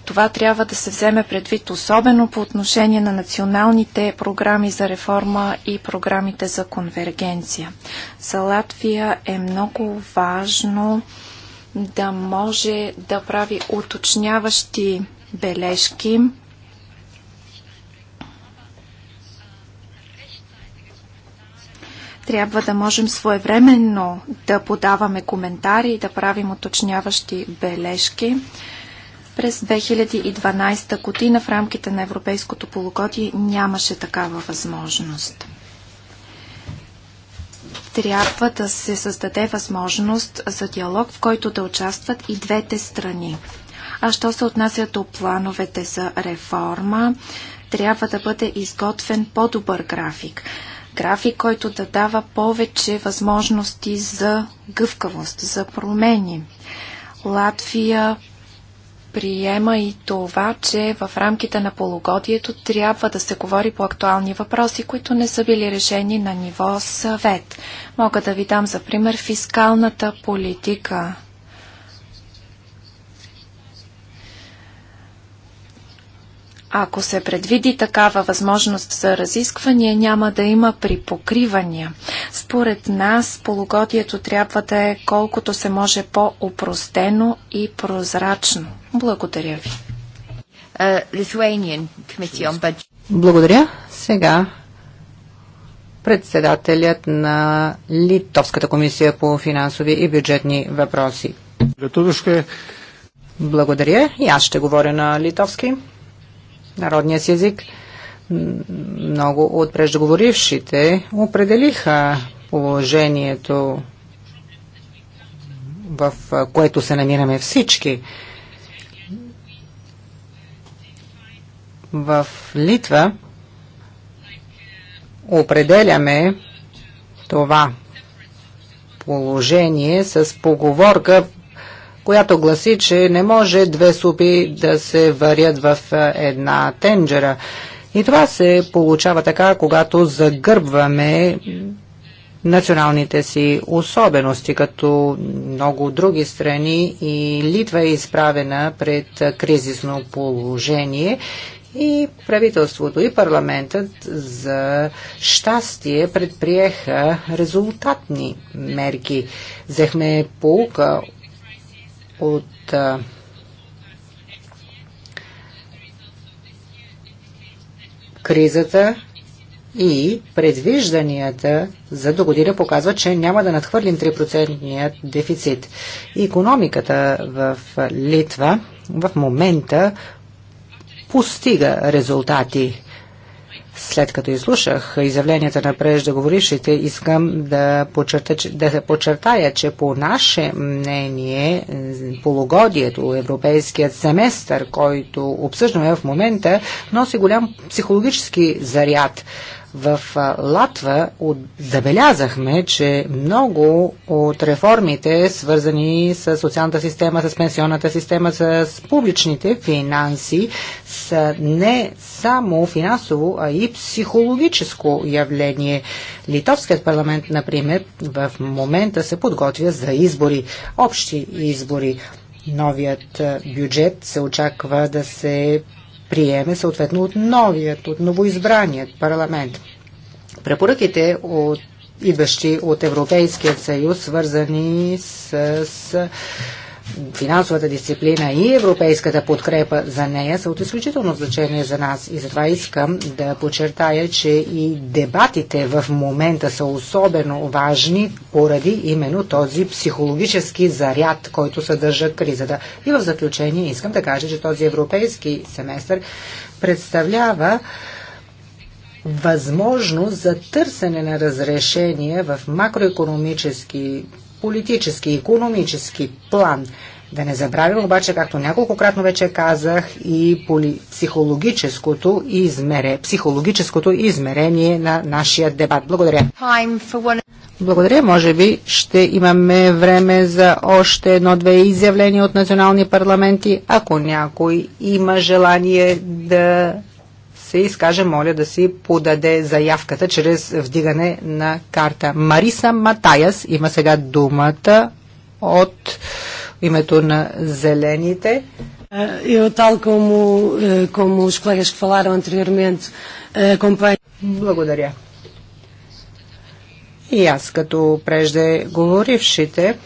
това трябва да се вземе предвид особено по отношение на националните програми за реформа и програмите за конвергенция. За Латвия е много важно да може да прави уточняващи бележки трябва да можем своевременно да подаваме коментари и да правим уточняващи бележки. През 2012 година в рамките на Европейското полугодие нямаше такава възможност. Трябва да се създаде възможност за диалог, в който да участват и двете страни. А що се отнася до плановете за реформа, трябва да бъде изготвен по-добър график. График, който да дава повече възможности за гъвкавост, за промени. Латвия приема и това, че в рамките на полугодието трябва да се говори по актуални въпроси, които не са били решени на ниво съвет. Мога да ви дам за пример фискалната политика. Ако се предвиди такава възможност за разисквания, няма да има припокривания. Според нас полугодието трябва да е колкото се може по-упростено и прозрачно. Благодаря ви. Е, Благодаря. Сега председателят на Литовската комисия по финансови и бюджетни въпроси. Е. Благодаря. И аз ще говоря на литовски народния си език. Много от преждеговорившите определиха положението, в което се намираме всички. В Литва определяме това положение с поговорка която гласи, че не може две супи да се варят в една тенджера. И това се получава така, когато загърбваме националните си особености, като много други страни и Литва е изправена пред кризисно положение и правителството и парламентът за щастие предприеха резултатни мерки. Взехме полука от кризата и предвижданията за до година показват, че няма да надхвърлим 3% дефицит. Економиката в Литва в момента постига резултати. След като изслушах изявленията на преждеговорившите, искам да, подчерта, да подчертая, че по наше мнение полугодието, европейският семестър, който обсъждаме в момента, носи голям психологически заряд в Латва забелязахме, че много от реформите, свързани с социалната система, с пенсионната система, с публичните финанси, са не само финансово, а и психологическо явление. Литовският парламент, например, в момента се подготвя за избори, общи избори. Новият бюджет се очаква да се приеме съответно от новият, от новоизбраният парламент. Препоръките от идващи от Европейския съюз, свързани с, с финансовата дисциплина и европейската подкрепа за нея са от изключително значение за нас и затова искам да подчертая, че и дебатите в момента са особено важни поради именно този психологически заряд, който съдържа кризата. И в заключение искам да кажа, че този европейски семестър представлява възможност за търсене на разрешения в макроекономически политически, економически план. Да не забравим обаче, както няколко кратно вече казах, и психологическото, измере, психологическото измерение на нашия дебат. Благодаря. Благодаря. Може би ще имаме време за още едно-две изявления от национални парламенти, ако някой има желание да се изкаже, моля да си подаде заявката чрез вдигане на карта. Мариса Матаяс има сега думата от името на Зелените. Eu, tal como, como os colegas que falaram anteriormente, acompanho. Благодаря. И аз, като прежде говорившите,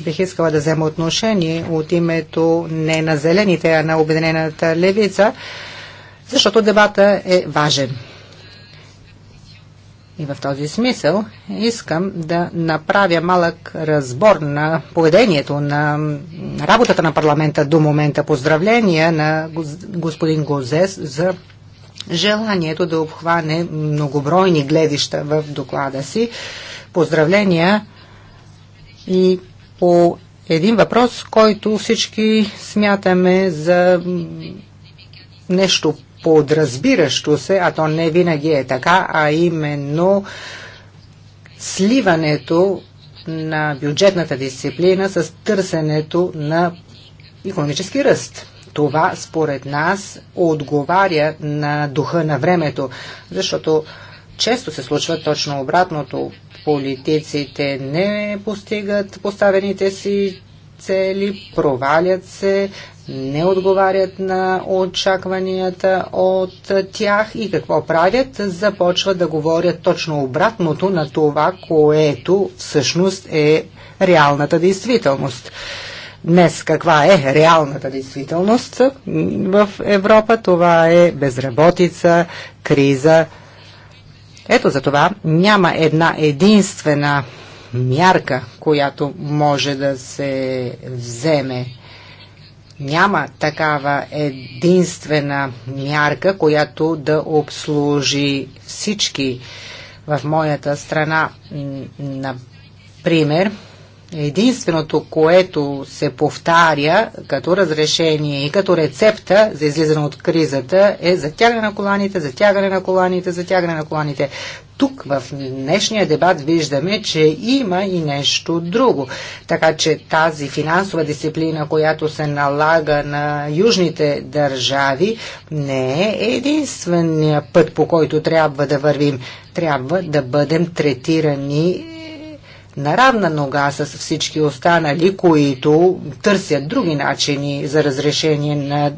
бих искала да взема отношение от името не на Зелените, а на Обединената левица защото дебата е важен. И в този смисъл искам да направя малък разбор на поведението, на работата на парламента до момента. Поздравления на господин Гозес за желанието да обхване многобройни гледища в доклада си. Поздравления и по един въпрос, който всички смятаме за нещо подразбиращо се, а то не винаги е така, а именно сливането на бюджетната дисциплина с търсенето на економически ръст. Това според нас отговаря на духа на времето, защото често се случва точно обратното. Политиците не постигат поставените си цели, провалят се, не отговарят на очакванията от тях и какво правят? Започват да говорят точно обратното на това, което всъщност е реалната действителност. Днес каква е реалната действителност в Европа? Това е безработица, криза. Ето за това няма една единствена мярка, която може да се вземе. Няма такава единствена мярка, която да обслужи всички. В моята страна, например, единственото, което се повтаря като разрешение и като рецепта за излизане от кризата е затягане на коланите, затягане на коланите, затягане на коланите. Тук в днешния дебат виждаме, че има и нещо друго. Така че тази финансова дисциплина, която се налага на южните държави, не е единствения път, по който трябва да вървим. Трябва да бъдем третирани на равна нога с всички останали, които търсят други начини за разрешение на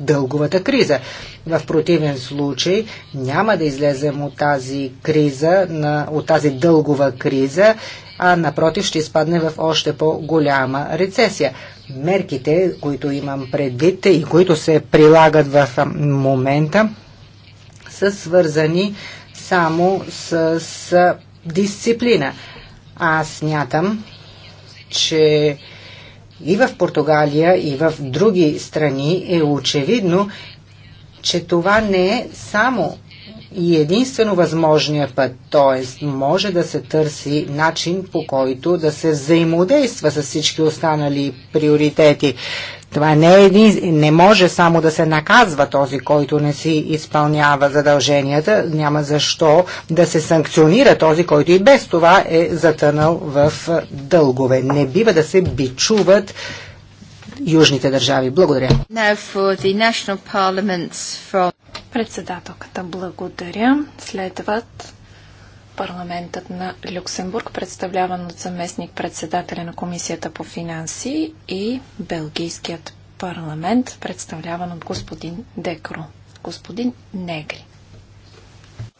дълговата криза. В противен случай няма да излезем от тази криза, от тази дългова криза, а напротив ще изпадне в още по-голяма рецесия. Мерките, които имам предвид и които се прилагат в момента, са свързани само с дисциплина. Аз смятам, че и в Португалия, и в други страни е очевидно, че това не е само и единствено възможния път, т.е. може да се търси начин по който да се взаимодейства с всички останали приоритети. Това не, е, не може само да се наказва този, който не си изпълнява задълженията. Няма защо да се санкционира този, който и без това е затънал в е, дългове. Не бива да се бичуват южните държави. Благодаря. Председателката благодаря. Следват парламентът на Люксембург, представляван от заместник председателя на Комисията по финанси и Белгийският парламент, представляван от господин Декро. Господин Негри.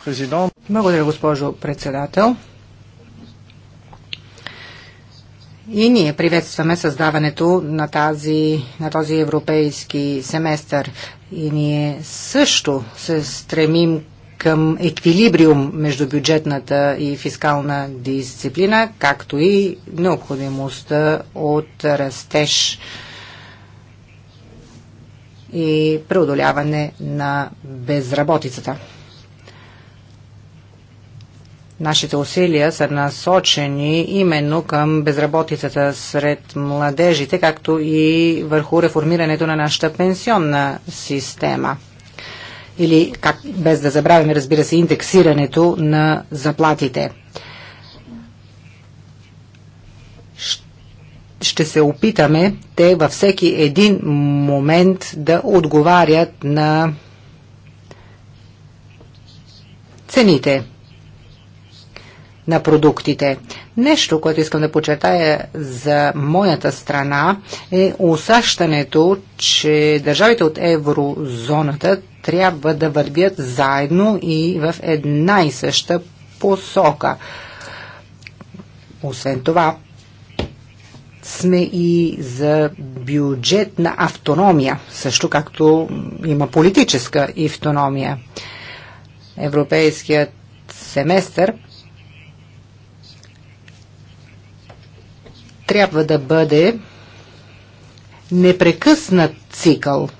Президент. Благодаря, госпожо председател. И ние приветстваме създаването на, тази, на този европейски семестър. И ние също се стремим към еквилибриум между бюджетната и фискална дисциплина, както и необходимостта от растеж и преодоляване на безработицата. Нашите усилия са насочени именно към безработицата сред младежите, както и върху реформирането на нашата пенсионна система – или как, без да забравяме, разбира се, индексирането на заплатите. ще се опитаме те във всеки един момент да отговарят на цените на продуктите. Нещо, което искам да почетая за моята страна е усещането, че държавите от еврозоната трябва да вървят заедно и в една и съща посока. Освен това, сме и за бюджетна автономия, също както има политическа автономия. Европейският семестър трябва да бъде непрекъснат цикъл –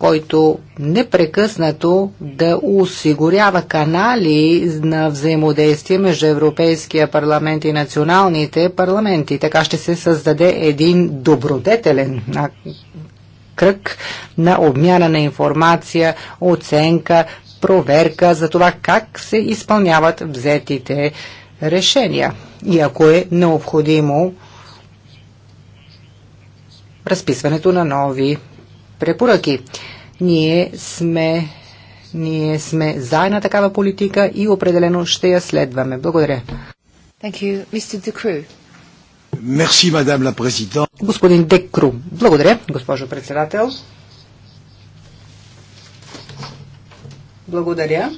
който непрекъснато да осигурява канали на взаимодействие между Европейския парламент и националните парламенти. Така ще се създаде един добродетелен кръг на обмяна на информация, оценка, проверка за това как се изпълняват взетите решения и ако е необходимо разписването на нови препоръки. Ние сме, ние сме за една такава политика и определено ще я следваме. Благодаря. Thank you, Mr. Decru. Merci, madame la présidente. Господин Декру. Благодаря, госпожо председател. Благодаря.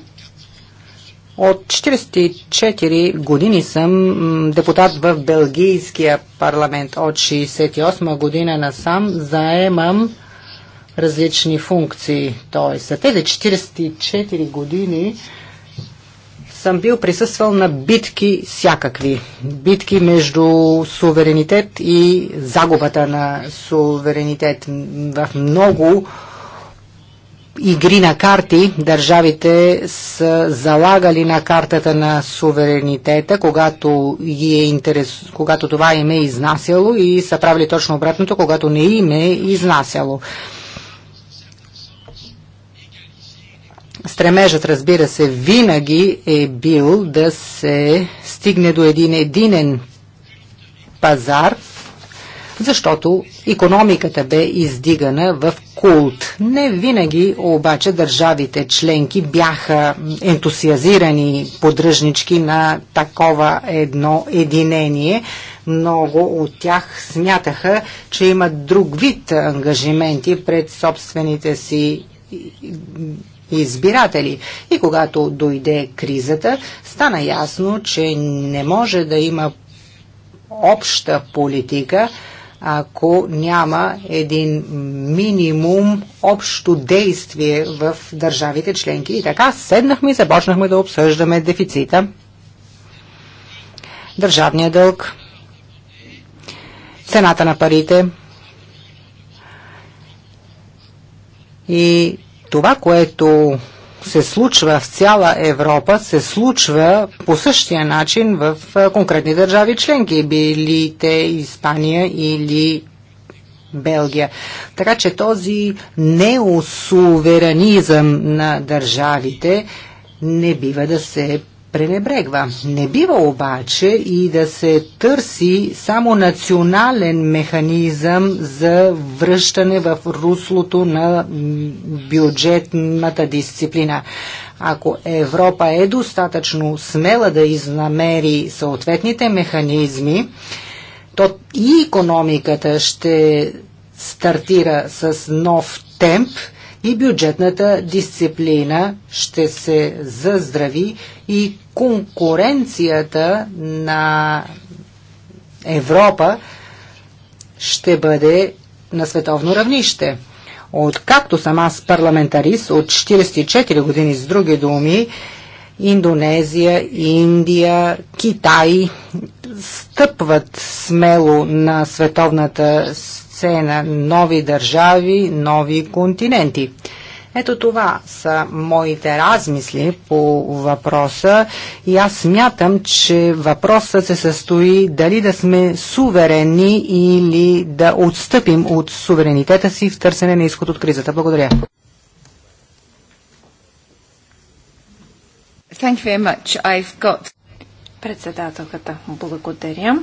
От 44 години съм депутат в Белгийския парламент. От 68 година насам заемам различни функции. Тоест, за тези 44 години съм бил присъствал на битки всякакви. Битки между суверенитет и загубата на суверенитет. В много игри на карти държавите са залагали на картата на суверенитета, когато, ги е интерес, когато това им е изнасяло и са правили точно обратното, когато не им е изнасяло. Стремежът, разбира се, винаги е бил да се стигне до един единен пазар, защото економиката бе издигана в култ. Не винаги обаче държавите членки бяха ентусиазирани подръжнички на такова едно единение. Много от тях смятаха, че имат друг вид ангажименти пред собствените си избиратели. И когато дойде кризата, стана ясно, че не може да има обща политика, ако няма един минимум общо действие в държавите членки. И така седнахме и започнахме да обсъждаме дефицита, държавния дълг, цената на парите и това, което се случва в цяла Европа, се случва по същия начин в конкретни държави членки, били те Испания или Белгия. Така че този неосуверенизъм на държавите не бива да се пренебрегва. Не бива обаче и да се търси само национален механизъм за връщане в руслото на бюджетната дисциплина. Ако Европа е достатъчно смела да изнамери съответните механизми, то и економиката ще стартира с нов темп – и бюджетната дисциплина ще се заздрави и конкуренцията на Европа ще бъде на световно равнище. Откакто съм аз парламентарист от 44 години с други думи, Индонезия, Индия, Китай стъпват смело на световната сцена нови държави, нови континенти. Ето това са моите размисли по въпроса и аз смятам, че въпросът се състои дали да сме суверени или да отстъпим от суверенитета си в търсене на изход от кризата. Благодаря. Thank you very much. I've got... Председателката, благодаря.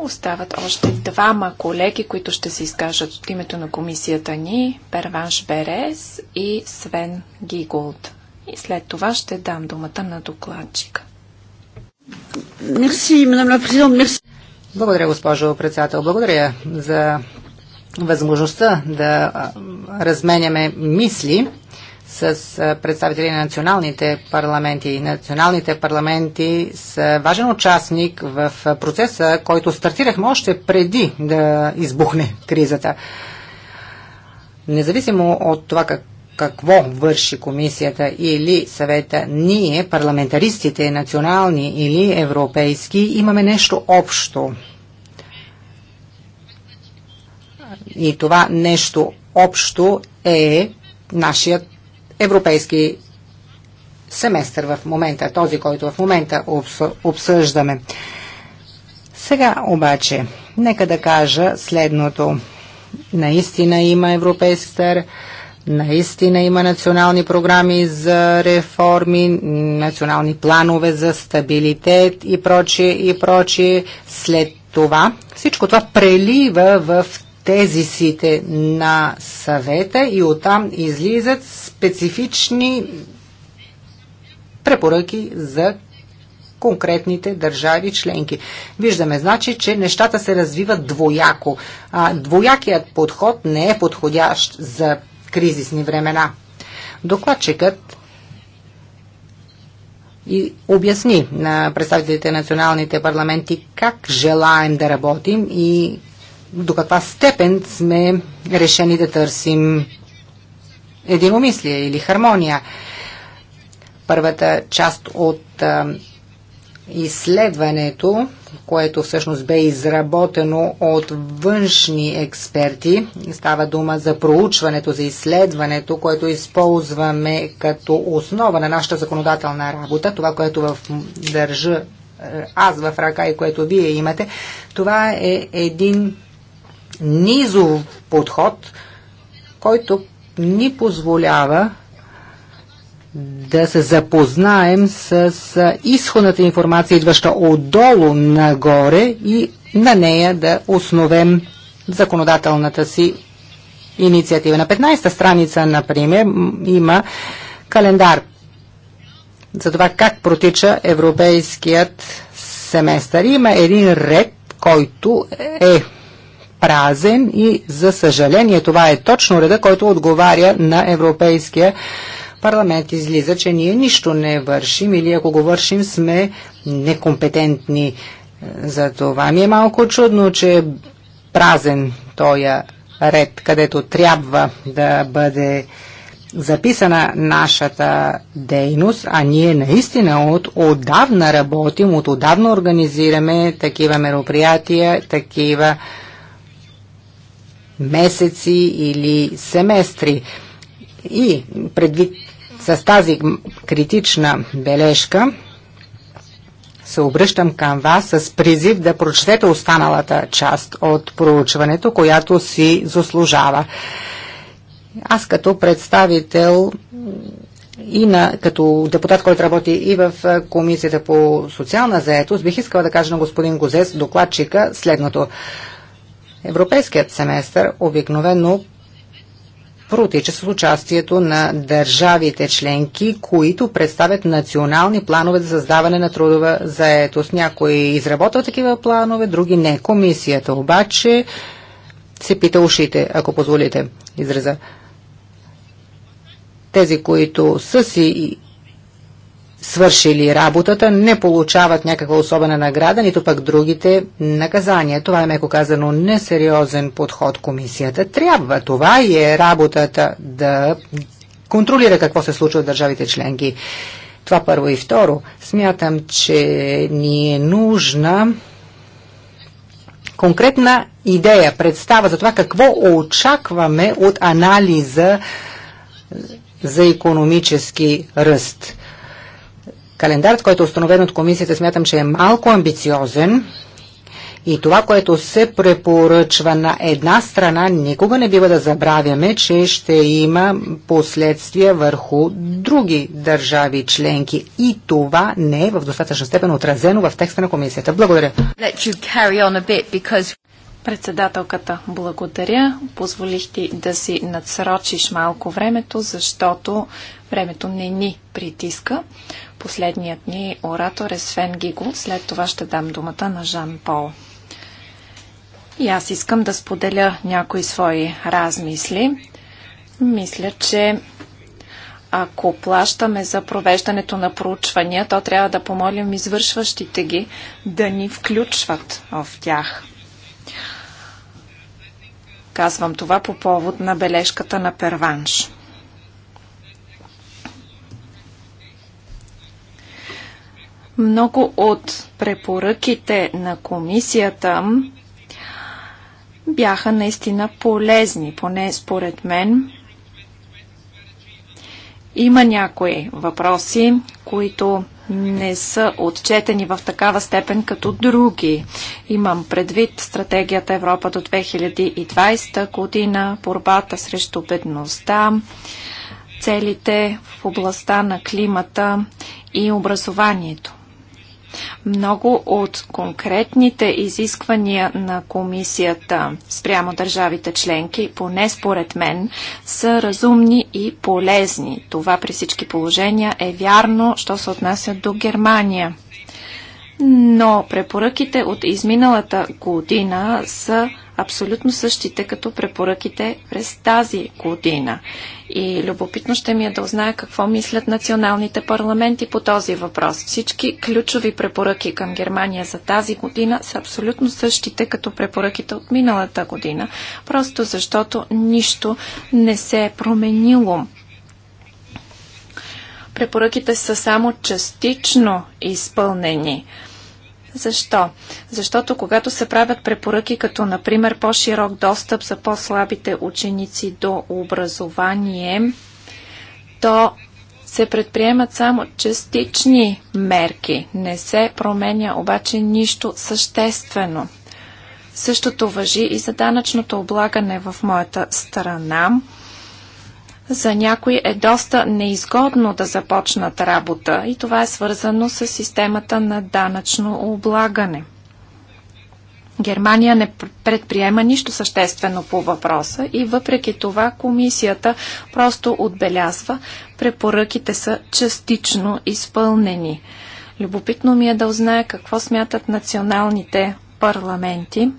Остават още двама колеги, които ще се изкажат от името на комисията ни Перванш Берес и Свен Гиголд. И след това ще дам думата на докладчика. Благодаря, госпожо председател. Благодаря за възможността да разменяме мисли с представители на националните парламенти. Националните парламенти са важен участник в процеса, който стартирахме още преди да избухне кризата. Независимо от това как какво върши комисията или съвета, ние, парламентаристите, национални или европейски, имаме нещо общо. И това нещо общо е нашият европейски семестър в момента, този, който в момента обсъждаме. Сега обаче, нека да кажа следното. Наистина има европейски стър, наистина има национални програми за реформи, национални планове за стабилитет и прочие, и прочие. След това всичко това прелива в тезисите на съвета и оттам излизат специфични препоръки за конкретните държави членки. Виждаме, значи, че нещата се развиват двояко. А, двоякият подход не е подходящ за кризисни времена. Докладчикът и обясни на представителите на националните парламенти как желаем да работим и до каква степен сме решени да търсим единомислие или хармония. Първата част от изследването, което всъщност бе изработено от външни експерти. Става дума за проучването, за изследването, което използваме като основа на нашата законодателна работа. Това, което в държа аз в ръка и което вие имате, това е един низов подход, който ни позволява да се запознаем с изходната информация, идваща отдолу нагоре и на нея да основем законодателната си инициатива. На 15-та страница, например, има календар за това как протича европейският семестър. Има един ред, който е празен и за съжаление това е точно реда, който отговаря на Европейския парламент. Излиза, че ние нищо не вършим или ако го вършим сме некомпетентни. Е, за това ми е малко чудно, че е празен тоя ред, където трябва да бъде записана нашата дейност, а ние наистина от отдавна работим, от отдавна организираме такива мероприятия, такива месеци или семестри. И предвид с тази критична бележка се обръщам към вас с призив да прочетете останалата част от проучването, която си заслужава. Аз като представител и на, като депутат, който работи и в Комисията по социална заетост, бих искала да кажа на господин Гозес, докладчика, следното. Европейският семестър обикновено протича с участието на държавите членки, които представят национални планове за създаване на трудова заетост. Някои изработват такива планове, други не. Комисията обаче се пита ушите, ако позволите израза. Тези, които са си свършили работата, не получават някаква особена награда, нито пък другите наказания. Това е, меко казано, несериозен подход комисията. Трябва, това е работата да контролира какво се случва в държавите членки. Това първо и второ. Смятам, че ни е нужна конкретна идея, представа за това какво очакваме от анализа за економически ръст календарът, който е установен от комисията, смятам, че е малко амбициозен и това, което се препоръчва на една страна, никога не бива да забравяме, че ще има последствия върху други държави членки. И това не е в достатъчна степен отразено в текста на комисията. Благодаря. Председателката, благодаря. Позволих ти да си надсрочиш малко времето, защото времето не ни притиска. Последният ни оратор е Свен Гигол. След това ще дам думата на Жан Пол. И аз искам да споделя някои свои размисли. Мисля, че ако плащаме за провеждането на проучвания, то трябва да помолим извършващите ги да ни включват в тях. Казвам това по повод на бележката на перванш. Много от препоръките на комисията бяха наистина полезни, поне според мен. Има някои въпроси, които не са отчетени в такава степен като други. Имам предвид стратегията Европа до 2020 година, борбата срещу бедността, целите в областта на климата и образованието. Много от конкретните изисквания на комисията спрямо държавите членки, поне според мен, са разумни и полезни. Това при всички положения е вярно, що се отнася до Германия но препоръките от изминалата година са абсолютно същите като препоръките през тази година. И любопитно ще ми е да узная какво мислят националните парламенти по този въпрос. Всички ключови препоръки към Германия за тази година са абсолютно същите като препоръките от миналата година, просто защото нищо не се е променило. Препоръките са само частично изпълнени. Защо? Защото когато се правят препоръки като, например, по-широк достъп за по-слабите ученици до образование, то се предприемат само частични мерки. Не се променя обаче нищо съществено. Същото въжи и за данъчното облагане в моята страна за някои е доста неизгодно да започнат работа и това е свързано с системата на данъчно облагане. Германия не предприема нищо съществено по въпроса и въпреки това комисията просто отбелязва, препоръките са частично изпълнени. Любопитно ми е да узная какво смятат националните парламенти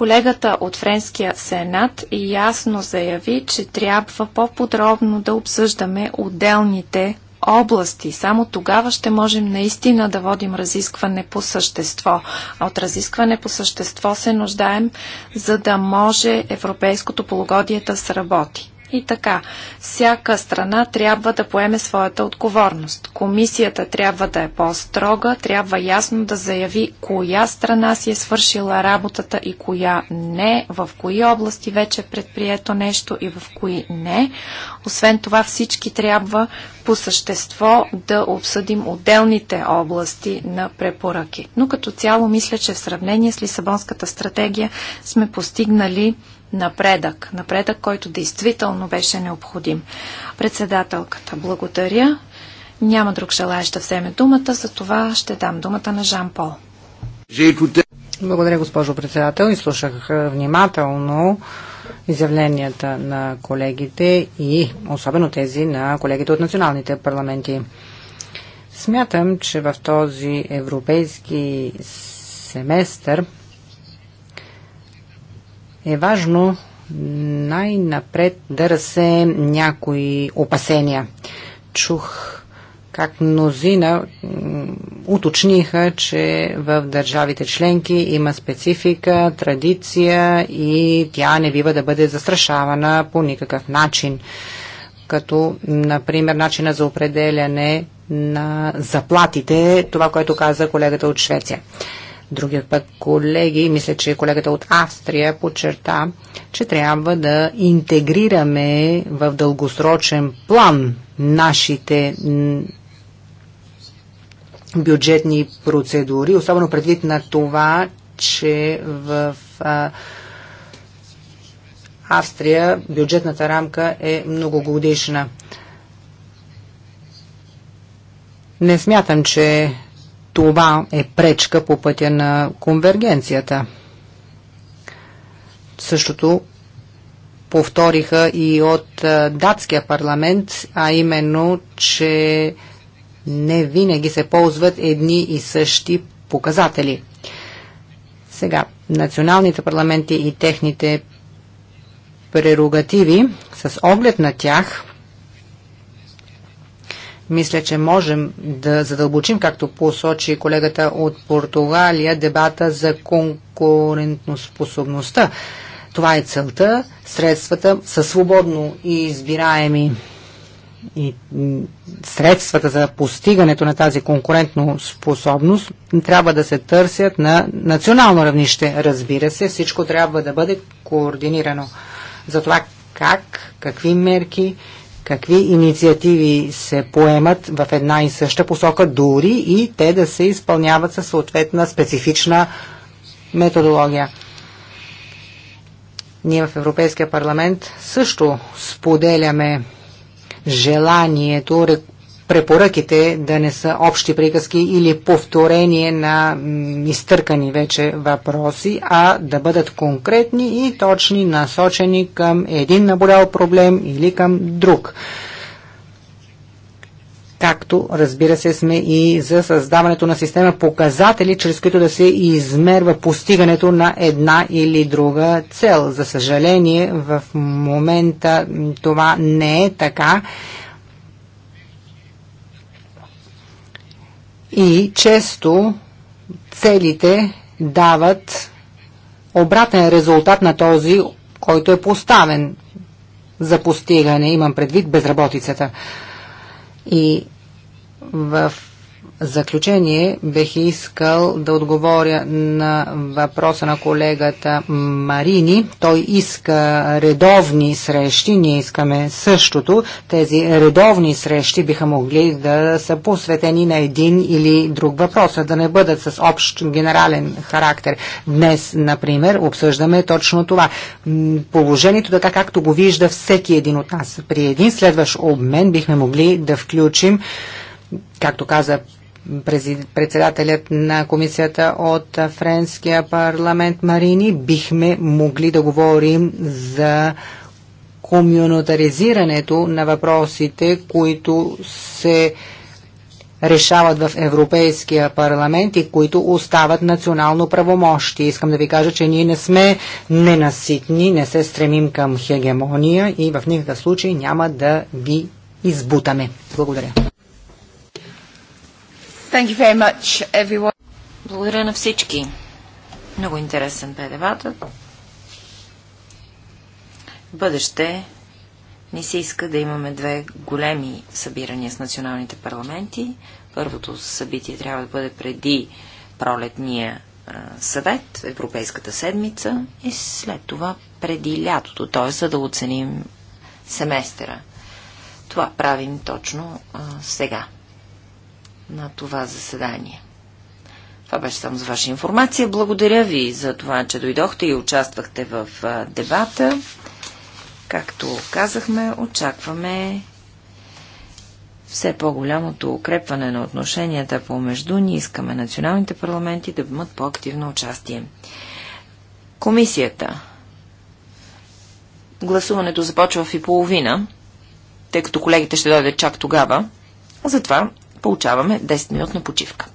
Колегата от Френския сенат ясно заяви, че трябва по-подробно да обсъждаме отделните области. Само тогава ще можем наистина да водим разискване по същество. А от разискване по същество се нуждаем, за да може европейското полугодие да сработи. И така, всяка страна трябва да поеме своята отговорност. Комисията трябва да е по-строга, трябва ясно да заяви коя страна си е свършила работата и коя не, в кои области вече е предприето нещо и в кои не. Освен това всички трябва по същество да обсъдим отделните области на препоръки. Но като цяло мисля, че в сравнение с Лисабонската стратегия сме постигнали напредък. Напредък, който действително беше необходим. Председателката, благодаря. Няма друг желаящ да вземе думата, за това ще дам думата на Жан Пол. Благодаря, госпожо председател. Изслушах внимателно изявленията на колегите и особено тези на колегите от националните парламенти. Смятам, че в този европейски семестър е важно най-напред да разсеем някои опасения. Чух как мнозина уточниха, че в държавите членки има специфика, традиция и тя не бива да бъде застрашавана по никакъв начин. Като, например, начина за определяне на заплатите, това, което каза колегата от Швеция. Другият пък колеги, мисля, че колегата от Австрия подчерта, че трябва да интегрираме в дългосрочен план нашите бюджетни процедури, особено предвид на това, че в Австрия бюджетната рамка е многогодишна. Не смятам, че това е пречка по пътя на конвергенцията. Същото повториха и от датския парламент, а именно, че не винаги се ползват едни и същи показатели. Сега, националните парламенти и техните прерогативи, с оглед на тях, мисля, че можем да задълбочим, както посочи колегата от Португалия, дебата за конкурентоспособността. Това е целта. Средствата са свободно и избираеми и средствата за постигането на тази конкурентно способност трябва да се търсят на национално равнище. Разбира се, всичко трябва да бъде координирано. За това как, какви мерки, какви инициативи се поемат в една и съща посока, дори и те да се изпълняват със съответна специфична методология. Ние в Европейския парламент също споделяме желанието препоръките да не са общи приказки или повторение на изтъркани вече въпроси, а да бъдат конкретни и точни, насочени към един наболял проблем или към друг както разбира се сме и за създаването на система показатели, чрез които да се измерва постигането на една или друга цел. За съжаление, в момента това не е така. И често целите дават обратен резултат на този, който е поставен за постигане. Имам предвид безработицата. И в заключение бих искал да отговоря на въпроса на колегата Марини. Той иска редовни срещи, ние искаме същото. Тези редовни срещи биха могли да са посветени на един или друг въпрос, а да не бъдат с общ генерален характер. Днес, например, обсъждаме точно това. Положението така, както го вижда всеки един от нас. При един следващ обмен бихме могли да включим както каза председателят на комисията от Френския парламент Марини, бихме могли да говорим за комюнитаризирането на въпросите, които се решават в Европейския парламент и които остават национално правомощи. Искам да ви кажа, че ние не сме ненаситни, не се стремим към хегемония и в никакъв случай няма да ви избутаме. Благодаря much, Благодаря на всички. Много интересен бе дебатът. В бъдеще ни се иска да имаме две големи събирания с националните парламенти. Първото събитие трябва да бъде преди пролетния съвет, Европейската седмица и след това преди лятото, т.е. за да оценим семестера. Това правим точно а, сега на това заседание. Това беше само за ваша информация. Благодаря ви за това, че дойдохте и участвахте в дебата. Както казахме, очакваме все по-голямото укрепване на отношенията помежду ни. Искаме националните парламенти да имат по-активно участие. Комисията. Гласуването започва в и половина, тъй като колегите ще дойдат чак тогава. Затова получаваме 10-минутна почивка.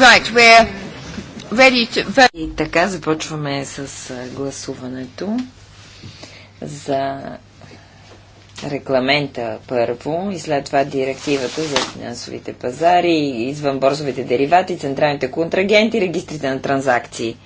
Right, we're ready to vote. И така започваме с гласуването за регламента първо и след това директивата за финансовите пазари, извън борсовите деривати, централните контрагенти, регистрите на транзакции.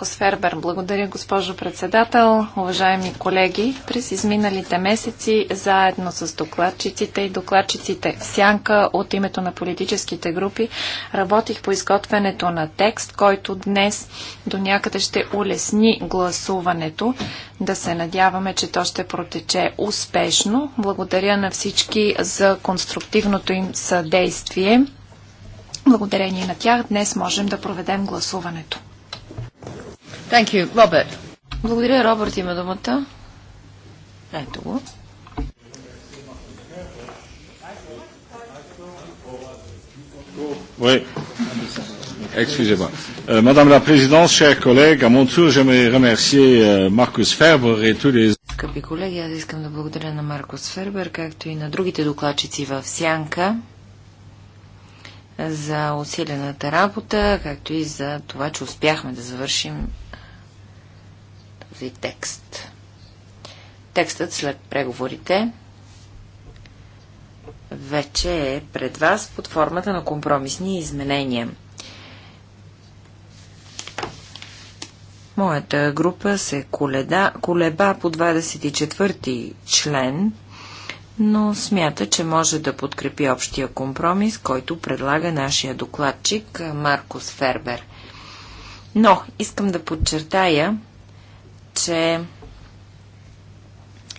Маркос Фербер. Благодаря, госпожо председател, уважаеми колеги. През изминалите месеци, заедно с докладчиците и докладчиците в сянка от името на политическите групи, работих по изготвянето на текст, който днес до някъде ще улесни гласуването. Да се надяваме, че то ще протече успешно. Благодаря на всички за конструктивното им съдействие. Благодарение на тях днес можем да проведем гласуването. Thank you. Робърт. Благодаря, Робърт има думата. Ето го. Oui. Excusez-moi. Euh, Madame la Présidente, chers collègues, à mon tour, j'aimerais remercier euh, Marcus Ferber et tous les... Скъпи колеги, аз искам да благодаря на Маркус Фербер, както и на другите докладчици в Сянка за усилената работа, както и за това, че успяхме да завършим изготви текст. Текстът след преговорите вече е пред вас под формата на компромисни изменения. Моята група се коледа, колеба по 24-ти член, но смята, че може да подкрепи общия компромис, който предлага нашия докладчик Маркус Фербер. Но искам да подчертая, че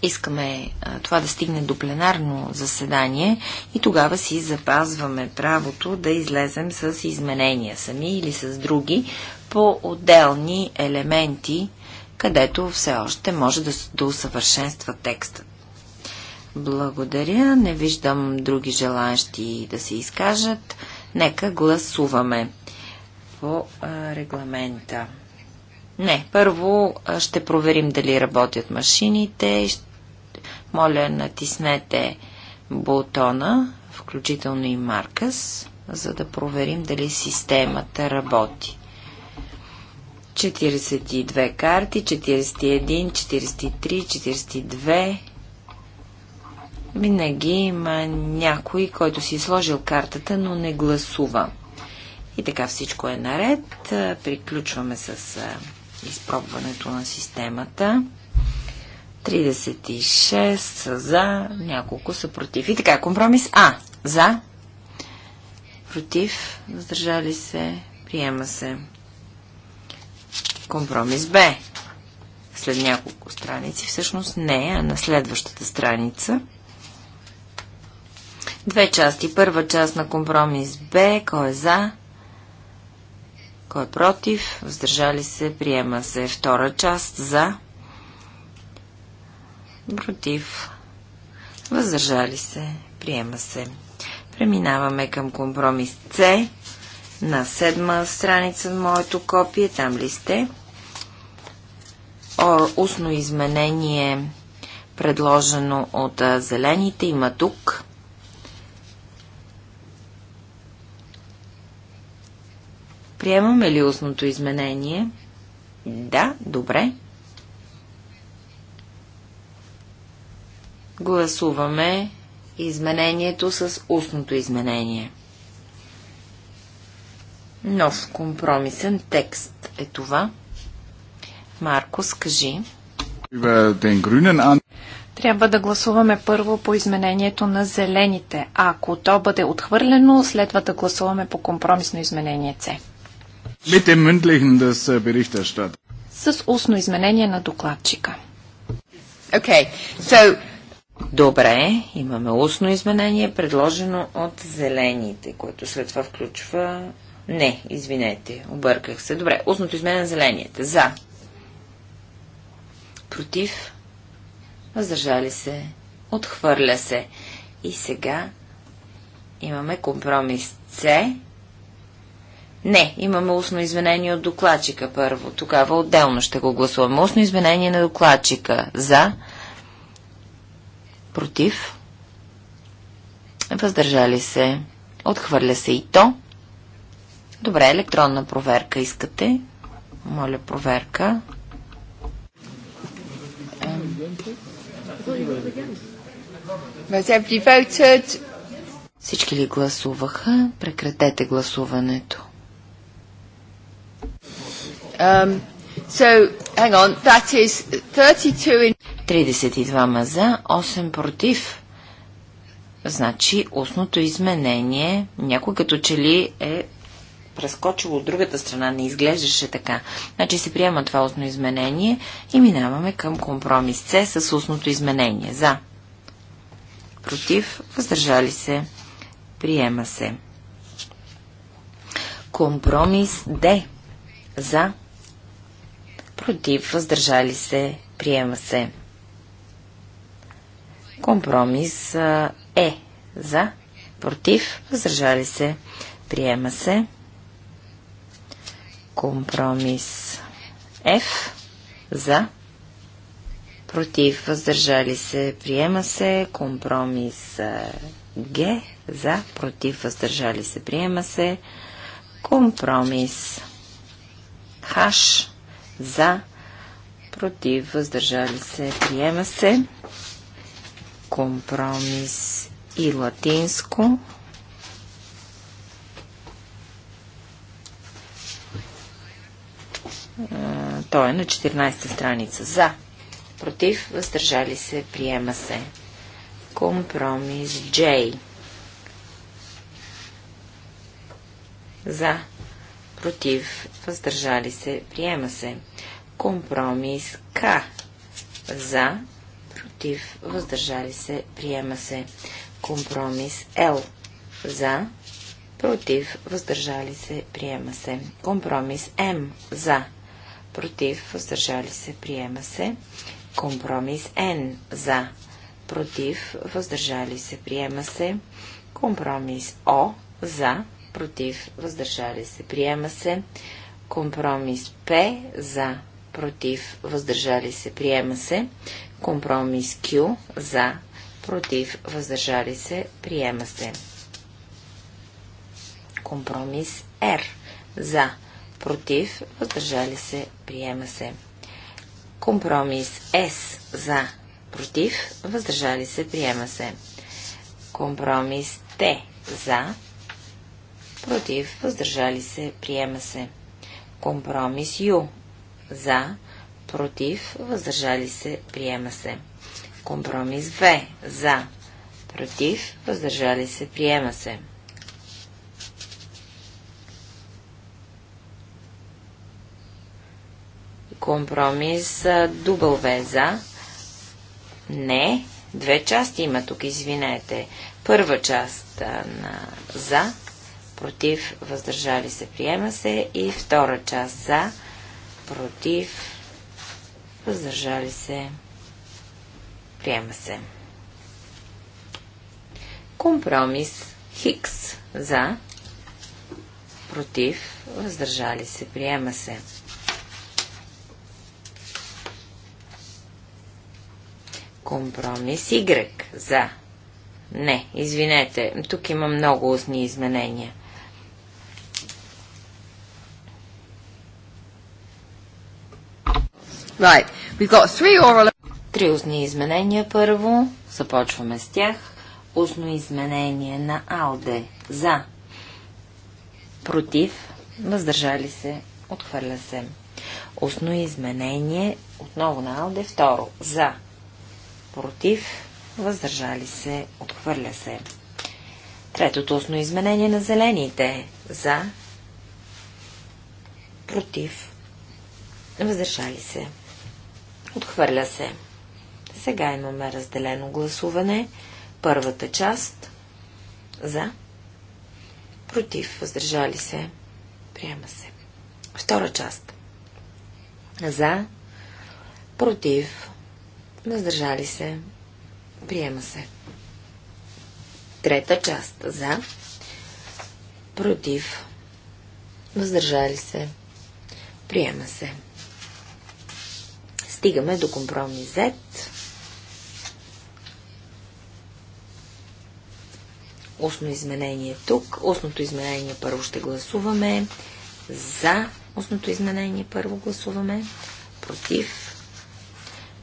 искаме това да стигне до пленарно заседание и тогава си запазваме правото да излезем с изменения сами или с други по отделни елементи, където все още може да, да усъвършенства текстът. Благодаря. Не виждам други желаящи да се изкажат. Нека гласуваме по регламента. Не, първо ще проверим дали работят машините. Моля, натиснете бутона, включително и Маркъс, за да проверим дали системата работи. 42 карти, 41, 43, 42. Винаги има някой, който си е сложил картата, но не гласува. И така всичко е наред. Приключваме с изпробването на системата. 36 са за, няколко са против. И така, компромис А. За, против, въздържали се, приема се. Компромис Б. След няколко страници, всъщност не, а на следващата страница. Две части. Първа част на компромис Б. Кой е за? Кой е против? Въздържали се. Приема се. Втора част. За. Против. Въздържали се. Приема се. Преминаваме към компромис С. На седма страница на моето копие. Там ли сте? О, устно изменение предложено от зелените има тук. Приемаме ли устното изменение? Да, добре. Гласуваме изменението с устното изменение. Нов компромисен текст е това. Марко, скажи. Трябва да гласуваме първо по изменението на зелените. ако то бъде отхвърлено, следва да гласуваме по компромисно изменение С. Äh, С устно изменение на докладчика. Okay. So... Добре, имаме устно изменение, предложено от зелените, което след това включва... Не, извинете, обърках се. Добре, устното изменение на зелените. За. Против. Въздържали се. Отхвърля се. И сега имаме компромис С не, имаме устно извинение от докладчика първо. Тогава отделно ще го гласуваме. Устно извинение на докладчика. За. Против. Въздържали се. Отхвърля се и то. Добре, електронна проверка искате. Моля, проверка. Всички ли гласуваха? Прекратете гласуването. Um, so, hang on, that is 32 in... 32 за, 8 против. Значи, устното изменение някой като че ли е прескочило от другата страна, не изглеждаше така. Значи се приема това устно изменение и минаваме към компромис С с устното изменение. За. Против. Въздържали се. Приема се. Компромис Д. За против, въздържали се, приема се. Компромис е за, против, въздържали се, приема се. Компромис F за, против, въздържали се, приема се. Компромис Г за, против, въздържали се, приема се. Компромис H за, против, въздържали се, приема се. Компромис и латинско. Той е на 14-та страница. За, против, въздържали се, приема се. Компромис J. За, против, въздържали се, приема се. Компромис К за, против, въздържали се, приема се. Компромис Л за, против, въздържали се, приема се. Компромис М за, против, въздържали се, приема се. Компромис Н за, против, въздържали се, приема се. Компромис О за, против, въздържали се. Приема се. Компромис П за, против, въздържали се. Приема се. Компромис Q за, против, въздържали се. Приема се. Компромис Р за, против, въздържали се. Приема се. Компромис С за, против, въздържали се. Приема се. Компромис Т за, против, въздържали се, приема се. Компромис Ю. За, против, въздържали се, приема се. Компромис В. За, против, въздържали се, приема се. Компромис В. За, не, две части има тук, извинете. Първа част на за, против, въздържали се, приема се. И втора част за, против, въздържали се, приема се. Компромис Хикс за, против, въздържали се, приема се. Компромис Y за. Не, извинете, тук има много устни изменения. Right. We've got three oral... Три устни изменения първо. Започваме с тях. Устно изменение на Алде. За. Против. Въздържали се. Отхвърля се. Устно изменение отново на Алде. Второ. За. Против. Въздържали се. Отхвърля се. Третото устно изменение на зелените. За. Против. Въздържали се. Отхвърля се. Сега имаме разделено гласуване. Първата част за, против, въздържали се, приема се. Втора част за, против, въздържали се, приема се. Трета част за, против, въздържали се, приема се стигаме до компромис Z. Устно изменение тук. Устното изменение първо ще гласуваме. За устното изменение първо гласуваме. Против.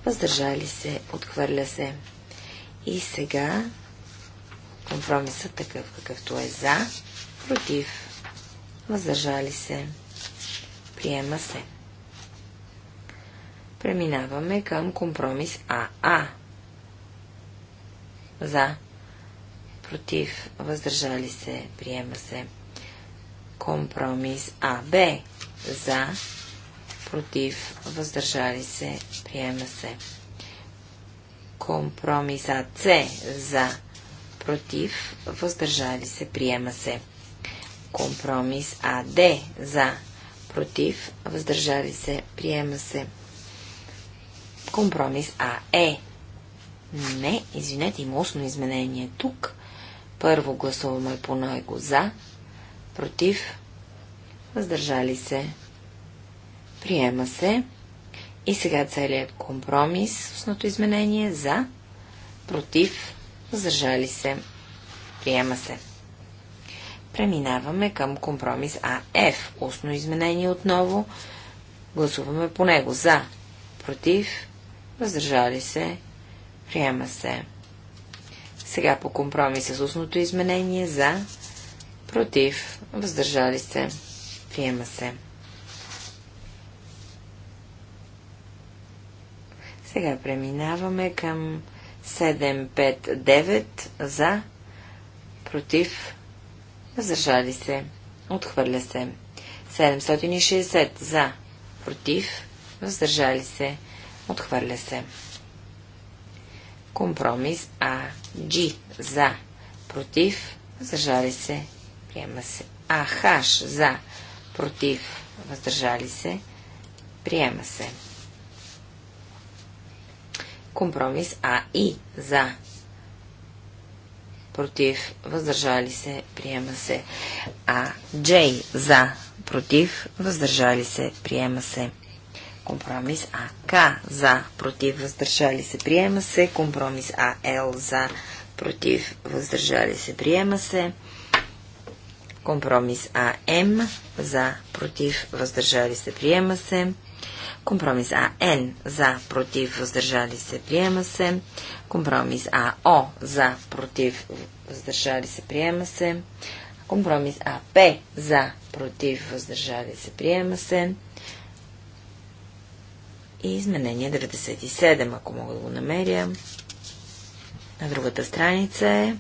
Въздържали се. Отхвърля се. И сега компромисът такъв какъвто е за. Против. Въздържали се. Приема се. Преминаваме към компромис АА. За. Против. Въздържали се. Приема се. Компромис АБ. За. Против. Въздържали се. Приема се. Компромис АЦ. За. Против. Въздържали се. Приема се. Компромис АД. За. Против. Въздържали се. Приема се Компромис А е. Не, извинете, има устно изменение тук. Първо гласуваме по него за, против, въздържали се, приема се. И сега целият компромис, устното изменение за, против, въздържали се, приема се. Преминаваме към компромис АФ. Устно изменение отново. Гласуваме по него. За, против, въздържали се, приема се. Сега по компромиса с устното изменение за, против, въздържали се, приема се. Сега преминаваме към 759 за, против, въздържали се, отхвърля се. 760 за, против, въздържали се, Отхвърля се. Компромис А. G. За. Против. Въздържали се. Приема се. А. Х. За. Против. Въздържали се. Приема се. Компромис А. И. За. Против. Въздържали се. Приема се. А. J. За. Против. Въздържали се. Приема се. Компромис АК за против въздържали се приема се. Компромис АЛ за против въздържали се приема се. Компромис АМ за против въздържали се приема се. Компромис АН за против въздържали се приема се. Компромис АО за против въздържали се приема се. Компромис АП за против въздържали се приема се и изменение 97, ако мога да го намеря. На другата страница е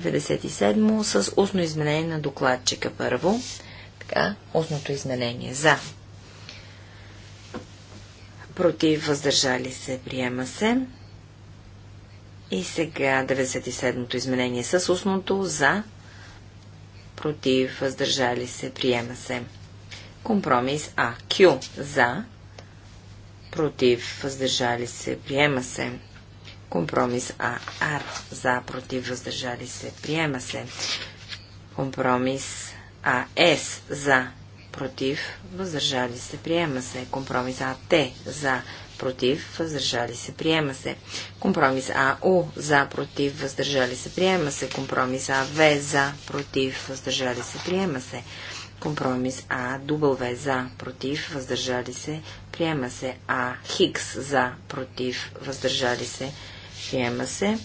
97 с устно изменение на докладчика първо. Така, устното изменение за. Против, въздържали се, приема се. И сега 97-то изменение с устното за. Против, въздържали се, приема се. Компромис А. Q. За против, въздържали се, приема се. Компромис А АР за, против, въздържали се, приема се. Компромис АС за, против, въздържали се, приема се. Компромис АТ за, против, въздържали се, приема се. Компромис АУ за, против, въздържали се, приема се. Компромис В за, против, въздържали се, приема се. Компромис А, W за, против, въздържали се, приема се. А, Хикс за, против, въздържали се, приема се.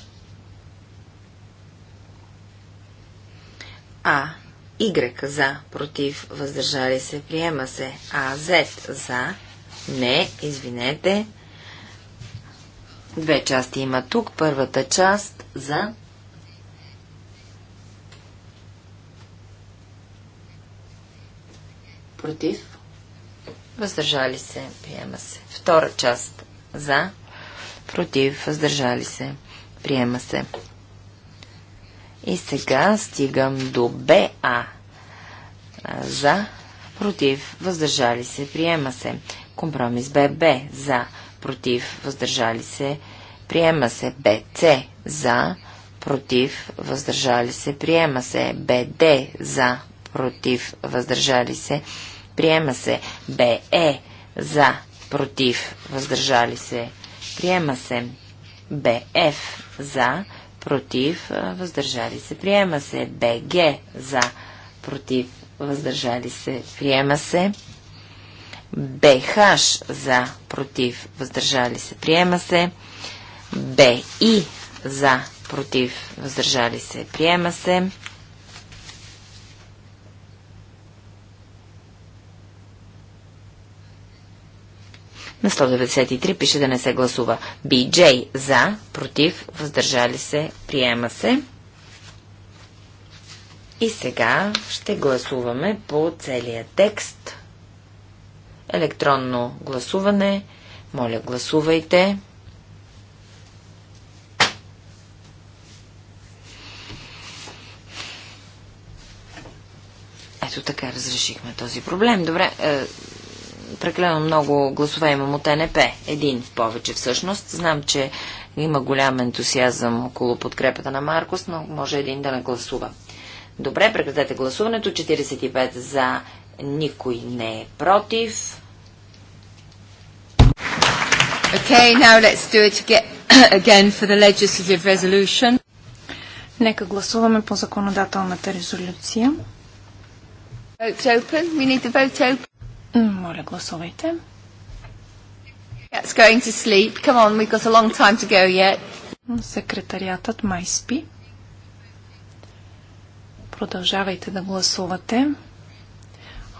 А, Y за, против, въздържали се, приема се. А, Z за, не, извинете. Две части има тук. Първата част за, Против. Въздържали се. Приема се. Втора част. За. Против. Въздържали се. Приема се. И сега стигам до БА. За. Против. Въздържали се. Приема се. Компромис ББ. За. Против. Въздържали се. Приема се. БЦ. За. Против. Въздържали се. Приема се. БД. За против, въздържали се. Приема се. Б. Е. За, против, въздържали се. Приема се. Б. Ф. За, против, въздържали се. Приема се. Б. Г. За, против, въздържали се. Приема се. БХ за, против, въздържали се. Приема се. БИ за, против, въздържали се. Приема се. На 193 пише да не се гласува. BJ за, против, въздържали се, приема се. И сега ще гласуваме по целия текст. Електронно гласуване. Моля, гласувайте. Ето така разрешихме този проблем. Добре, е, прекалено много гласове имам от НП. Един в повече всъщност. Знам, че има голям ентусиазъм около подкрепата на Маркос, но може един да не гласува. Добре, прекратете гласуването. 45 за, никой не е против. Okay, now let's do it again for the legislative resolution. Нека гласуваме по законодателната резолюция. Vote open. We need the vote open. Моля, гласувайте. It's going to sleep. Come on, we've got a long time to go yet. Секретариатът май спи. Продължавайте да гласувате.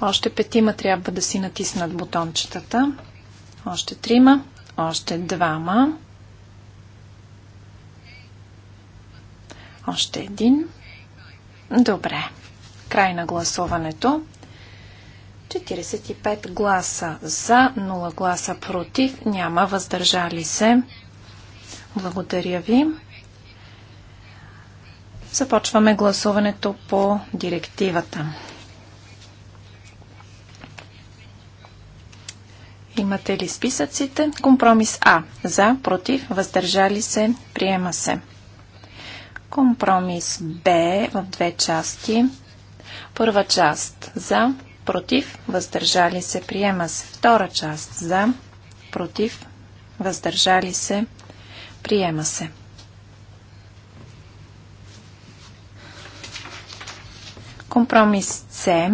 Още петима трябва да си натиснат бутончетата. Още трима. Още двама. Още един. Добре. Край на гласуването. 45 гласа за, 0 гласа против, няма въздържали се. Благодаря ви. Започваме гласуването по директивата. Имате ли списъците? Компромис А. За, против, въздържали се, приема се. Компромис Б в две части. Първа част за, против, въздържали се, приема се. Втора част за, против, въздържали се, приема се. Компромис С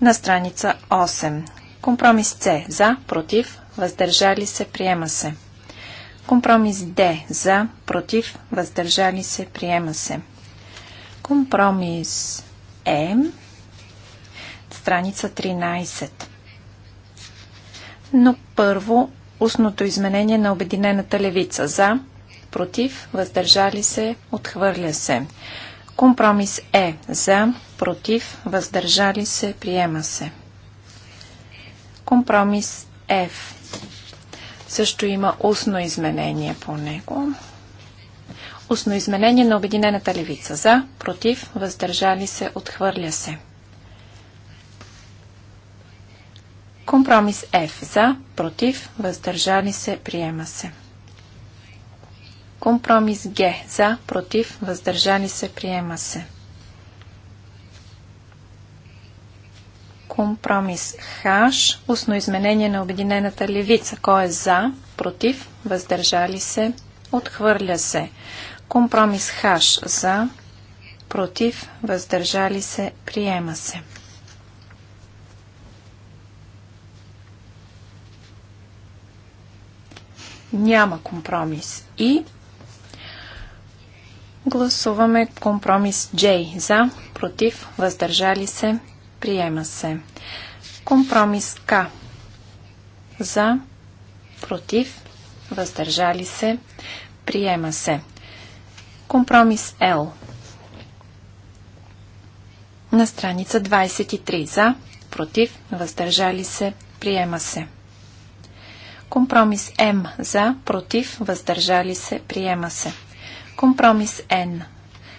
на страница 8. Компромис С за, против, въздържали се, приема се. Компромис Д за, против, въздържали се, приема се. Компромис Е, страница 13. Но първо устното изменение на Обединената левица за, против, въздържали се, отхвърля се. Компромис Е за, против, въздържали се, приема се. Компромис F. Също има устно изменение по него. Устно изменение на Обединената левица. За, против, въздържали се, отхвърля се. Компромис F. За, против, въздържали се, приема се. Компромис Г. За, против, въздържали се, приема се. Компромис Х. Устно изменение на Обединената левица. Кой е за, против, въздържали се, отхвърля се. Компромис хаш за, против, въздържали се, приема се. Няма компромис и гласуваме компромис J за, против, въздържали се, приема се. Компромис К за, против, въздържали се, приема се. Компромис L. На страница 23 за, против, въздържали се, приема се. Компромис М за, против, въздържали се, приема се. Компромис Н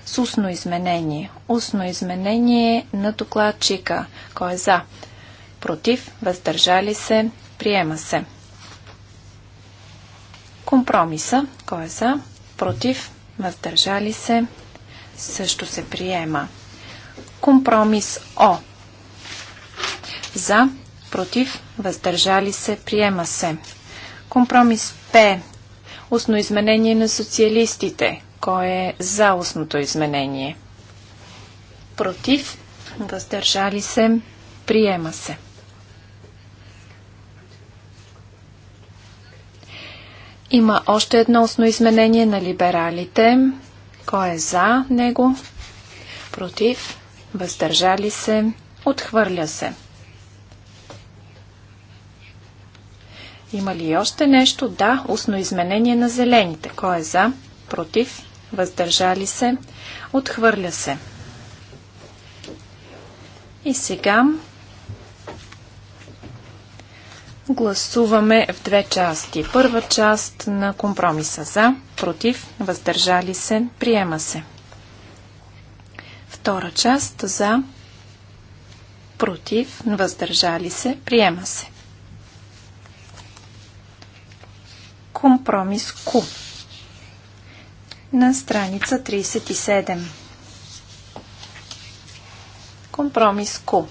с устно изменение. Устно изменение на докладчика. Кой е за? Против, въздържали се, приема се. Компромиса. Кой е за? Против, въздържали се, също се приема. Компромис О. За, против, въздържали се, приема се. Компромис П. Устно изменение на социалистите. Кой е за устното изменение? Против, въздържали се, приема се. Има още едно устно изменение на либералите. Кой е за него? Против? Въздържали се? Отхвърля се. Има ли още нещо? Да, устно изменение на зелените. Кой е за? Против? Въздържали се? Отхвърля се. И сега Гласуваме в две части. Първа част на компромиса за, против, въздържали се, приема се. Втора част за, против, въздържали се, приема се. Компромис Q на страница 37. Компромис Q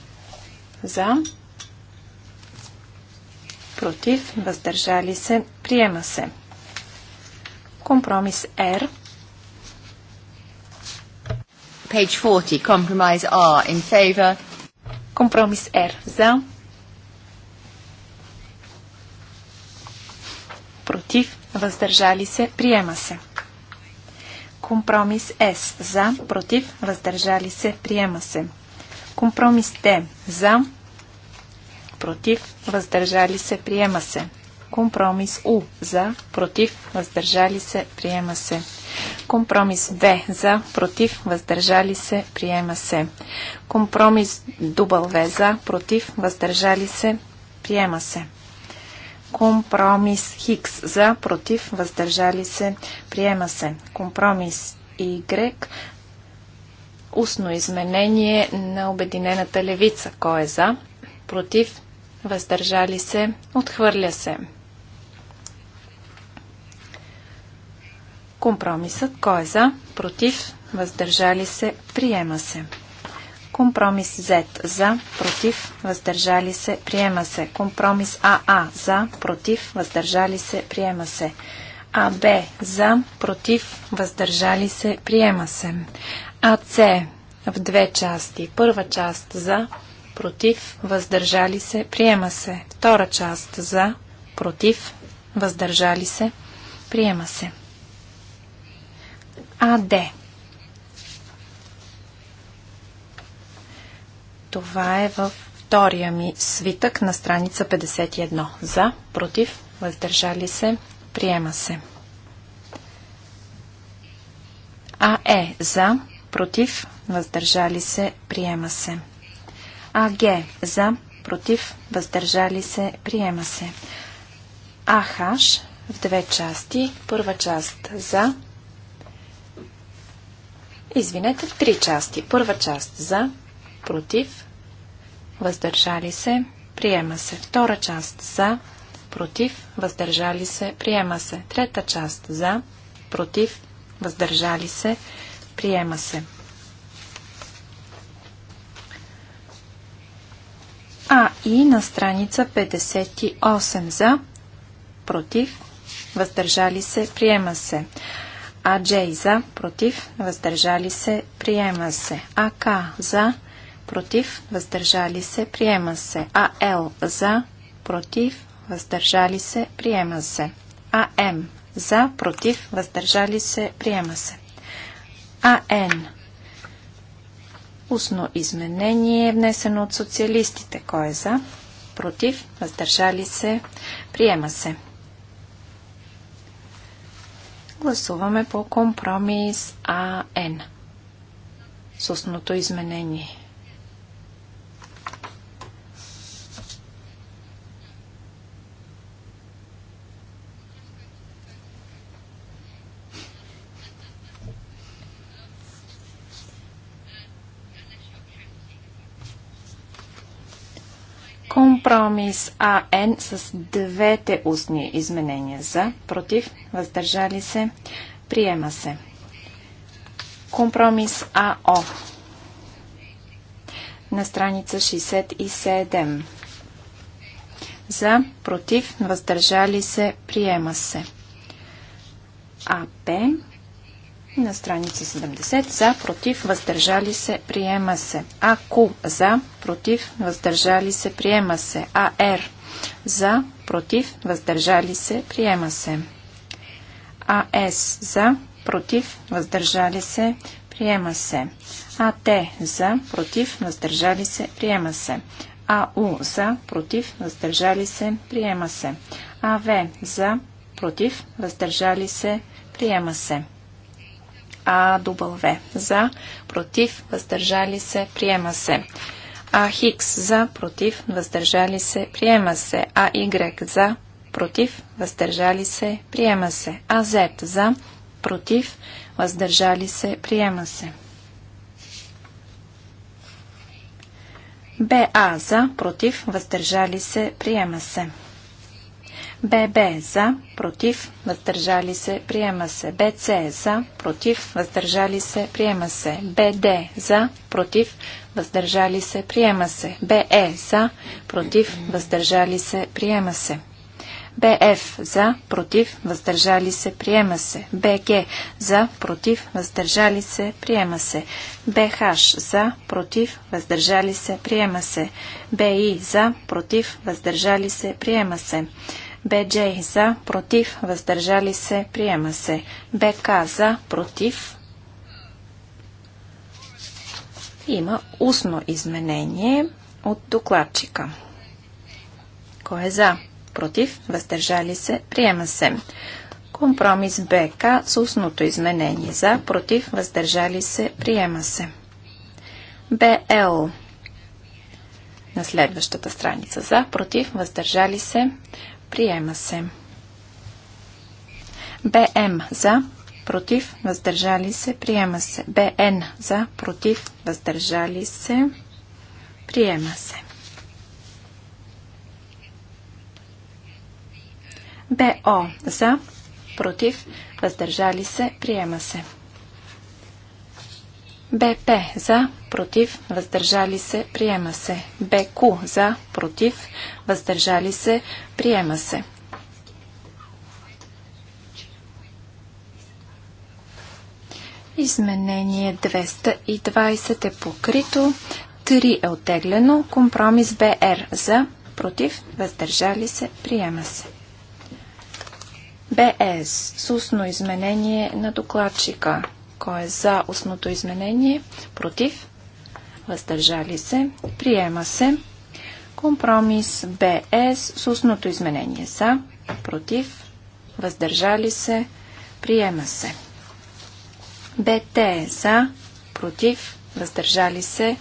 за, против, въздържали се, приема се. Компромис R. Page 40, compromise R in favor. Компромис R за. Против, въздържали се, приема се. Компромис С за, против, въздържали се, приема се. Компромис Т за, против, въздържали се, приема се. Компромис У за, против, въздържали се, приема се. Компромис В за, против, въздържали се, приема се. Компромис В за, против, въздържали се, приема се. Компромис Хикс за, против, въздържали се, приема се. Компромис Y устно изменение на Обединената левица. Кой е за? Против, въздържали се, отхвърля се. Компромисът кой е за, против, въздържали се, приема се. Компромис Z за, против, въздържали се, приема се. Компромис АА за, против, въздържали се, приема се. АБ за, против, въздържали се, приема се. АС в две части. Първа част за, против, въздържали се, приема се. Втора част за, против, въздържали се, приема се. АД. Това е във втория ми свитък на страница 51. За, против, въздържали се, приема се. АЕ за, против, въздържали се, приема се. АГ за, против, въздържали се, приема се. АХ в две части. Първа част за. Извинете, три части. Първа част за, против, въздържали се, приема се. Втора част за, против, въздържали се, приема се. Трета част за, против, въздържали се, приема се. А и на страница 58 за, против, въздържали се, приема се. А Джей за, против, въздържали се, приема се. А К за, против, въздържали се, приема се. А Л за, против, въздържали се, приема се. А М за, против, въздържали се, приема се. А Н. Устно изменение, е внесено от социалистите. Кой е за? Против? Въздържали се? Приема се. Гласуваме по компромис АН с устното изменение. Компромис АН с двете устни изменения за, против, въздържали се, приема се. Компромис АО на страница 67. За, против, въздържали се, приема се. АП на страница 70 за, против, въздържали се, приема се. АКУ за, против, въздържали се, приема се. АР за, против, въздържали се, приема се. АС за, против, въздържали се, приема се. АТ за, против, въздържали се, приема се. АУ за, против, въздържали се, приема се. АВ за, против, въздържали се, приема се. АW. За, против, въздържали се, приема се. А Хикс за, против, въздържали се, приема се. А Y за, против, въздържали се, приема се. А Z за, против, въздържали се, приема се. БА за, против, въздържали се, приема се. ББ за, против, въздържали се, приема се. БЦ за, против, въздържали се, приема се. БД за, против, въздържали се, приема се. БЕ за, против, въздържали се, приема се. БФ за, против, въздържали се, приема се. БГ за, против, въздържали се, приема се. БХ за, против, въздържали се, приема се. БИ за, против, въздържали се, приема се. БДЖ за, против, въздържали се, приема се. БК за, против. Има устно изменение от докладчика. Кой е за? Против, въздържали се, приема се. Компромис БК с устното изменение за, против, въздържали се, приема се. БЛ на следващата страница за, против, въздържали се, Приема се. БМ за, против, въздържали се. Приема се. БН за, против, въздържали се. Приема се. БО за, против, въздържали се. Приема се. БП за, против, въздържали се, приема се. БК за, против, въздържали се, приема се. Изменение 220 е покрито, 3 е оттеглено, компромис БР за, против, въздържали се, приема се. БС с устно изменение на докладчика. Кой е за устното изменение? Против? Въздържали се? Приема се. Компромис БС с устното изменение. За? Против? Въздържали се? Приема се. БТ е за? Против? Въздържали се?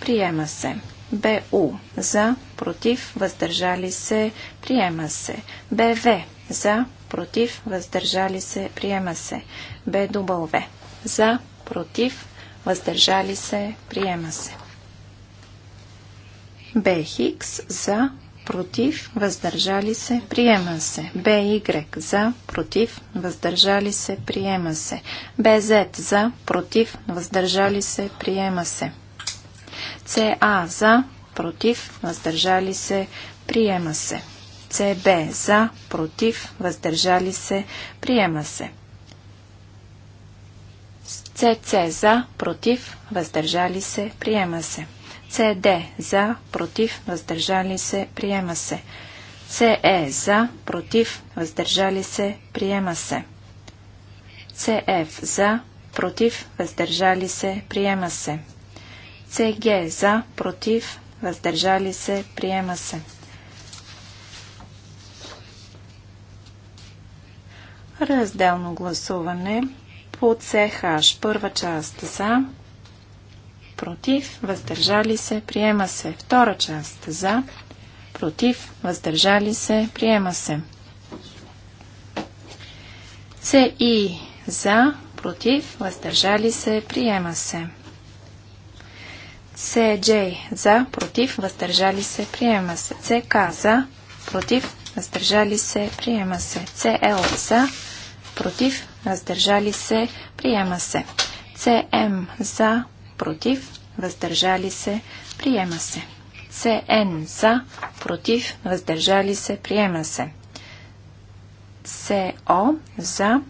Приема се. БУ за, против, въздържали се, приема се. БВ за, против, въздържали се, приема се. БВ за, против, въздържали се, приема се. Б за, против, въздържали се, приема се. Б за, против, въздържали се, приема се. Б за, против, въздържали се, приема се. CA за, против, въздържали се, приема се. ЦБ за, против, въздържали се, приема се. CC за, против, въздържали се, приема се. ЦД за, против, въздържали се, приема се. ЦЕ за, против, въздържали се, приема се. CF за, против, въздържали се, приема се. CG за, против, въздържали се, приема се. Разделно гласуване по ЦХ. Първа част за, против, въздържали се, приема се. Втора част за, против, въздържали се, приема се. ЦИ за, против, въздържали се, приема се. СДЖ за, против, въздържали се, приема се. ЦК за, против, въздържали се, приема се. ЦЛ за, против, въздържали се, приема се. CM за, против, въздържали се, приема се. CN за, против, въздържали се, приема се. CO за,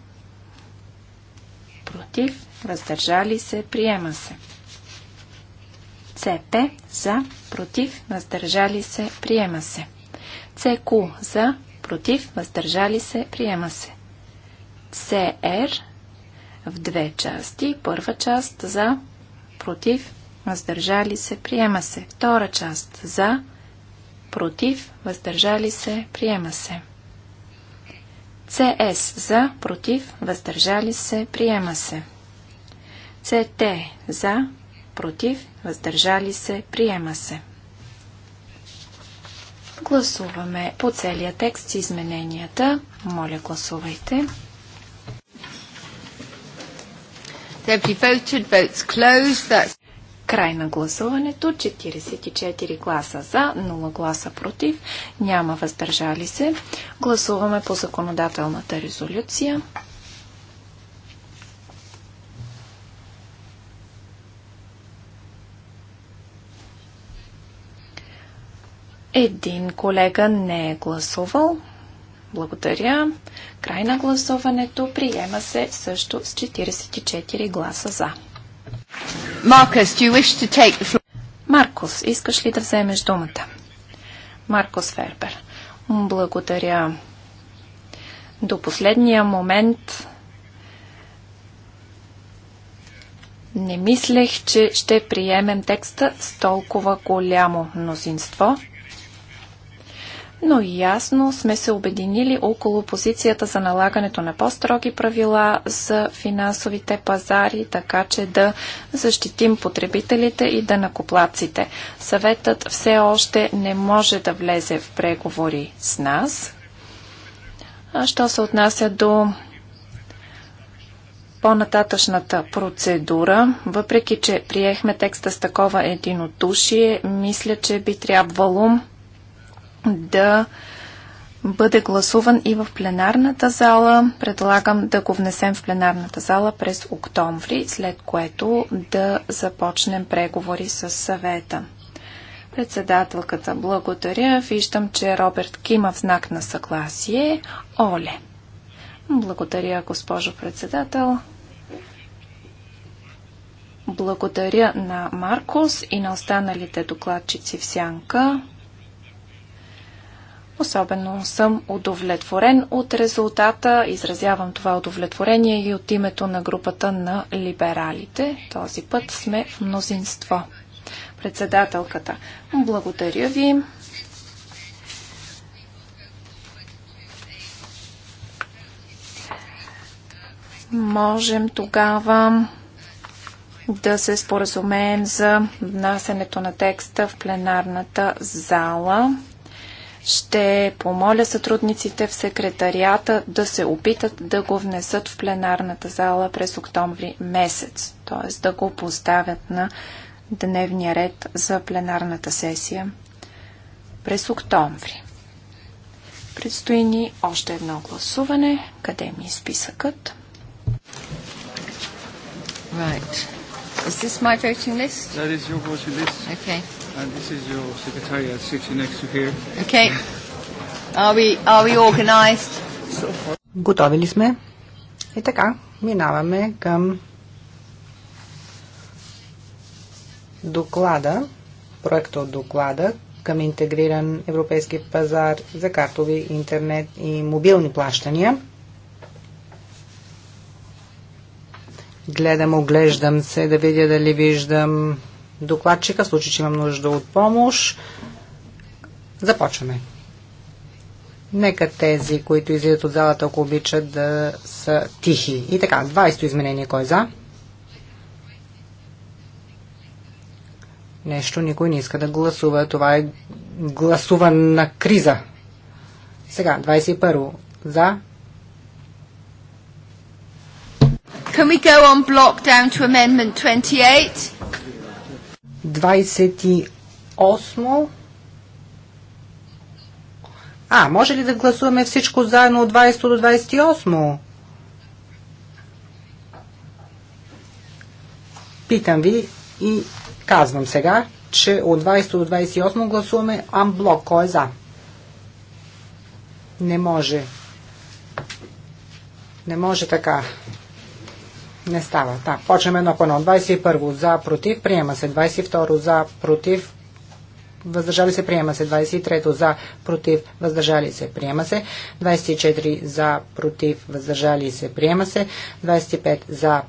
против, въздържали се, приема се. ЦП за, против, въздържали се, приема се. CQ за, против, въздържали се, приема се. CR в две части. Първа част за, против, въздържали се, приема се. Втора част за, против, въздържали се, приема се. CS за, против, въздържали се, приема се. CT за, против, въздържали се, приема се. Гласуваме по целия текст с измененията. Моля, гласувайте. Край на гласуването. 44 гласа за, 0 гласа против, няма въздържали се. Гласуваме по законодателната резолюция. Един колега не е гласувал. Благодаря. Край на гласуването приема се също с 44 гласа за. Маркус, do you wish to take the floor? Маркус, искаш ли да вземеш думата? Маркус Фербер. Благодаря. До последния момент не мислех, че ще приемем текста с толкова голямо мнозинство но ясно сме се обединили около позицията за налагането на по-строги правила за финансовите пазари, така че да защитим потребителите и да накоплаците. Съветът все още не може да влезе в преговори с нас. А що се отнася до по-нататъчната процедура, въпреки че приехме текста с такова единодушие, мисля, че би трябвало да бъде гласуван и в пленарната зала. Предлагам да го внесем в пленарната зала през октомври, след което да започнем преговори с съвета. Председателката благодаря. Виждам, че Роберт Кима в знак на съгласие. Оле. Благодаря, госпожо председател. Благодаря на Маркос и на останалите докладчици в Сянка. Особено съм удовлетворен от резултата. Изразявам това удовлетворение и от името на групата на либералите. Този път сме в мнозинство. Председателката, благодаря ви. Можем тогава да се споразумеем за внасенето на текста в пленарната зала. Ще помоля сътрудниците в секретарията да се опитат да го внесат в пленарната зала през октомври месец, т.е. да го поставят на дневния ред за пленарната сесия през октомври. Предстои ни още едно гласуване. Къде ми е списъкът? Right. Is this my voting list? That is your voting list. Okay. And uh, this is your secretariat sitting next to here. Okay. Are we, are we organized? Готови ли сме? И така, минаваме към доклада, проекта от доклада към интегриран европейски пазар за картови, интернет и мобилни плащания. Гледам, оглеждам се да видя дали виждам докладчика, в случай, че имам нужда от помощ. Започваме. Нека тези, които излизат от залата, ако обичат, да са тихи. И така, 20-то изменение, кой е за? Нещо никой не иска да гласува. Това е гласувана криза. Сега, 21-о. За. Can we go on block down to amendment 28? 28. А, може ли да гласуваме всичко заедно от 20 до 28? Питам ви и казвам сега, че от 20 до 28 гласуваме амблок. Кой е за? Не може. Не може така. Не става. Так, почваме едно по едно. 21 за, против, приема се. 22 за, против, въздържали се, приема се. 23 за, против, въздържали се, приема се. 24 за, против, въздържали се, приема се. 25 за,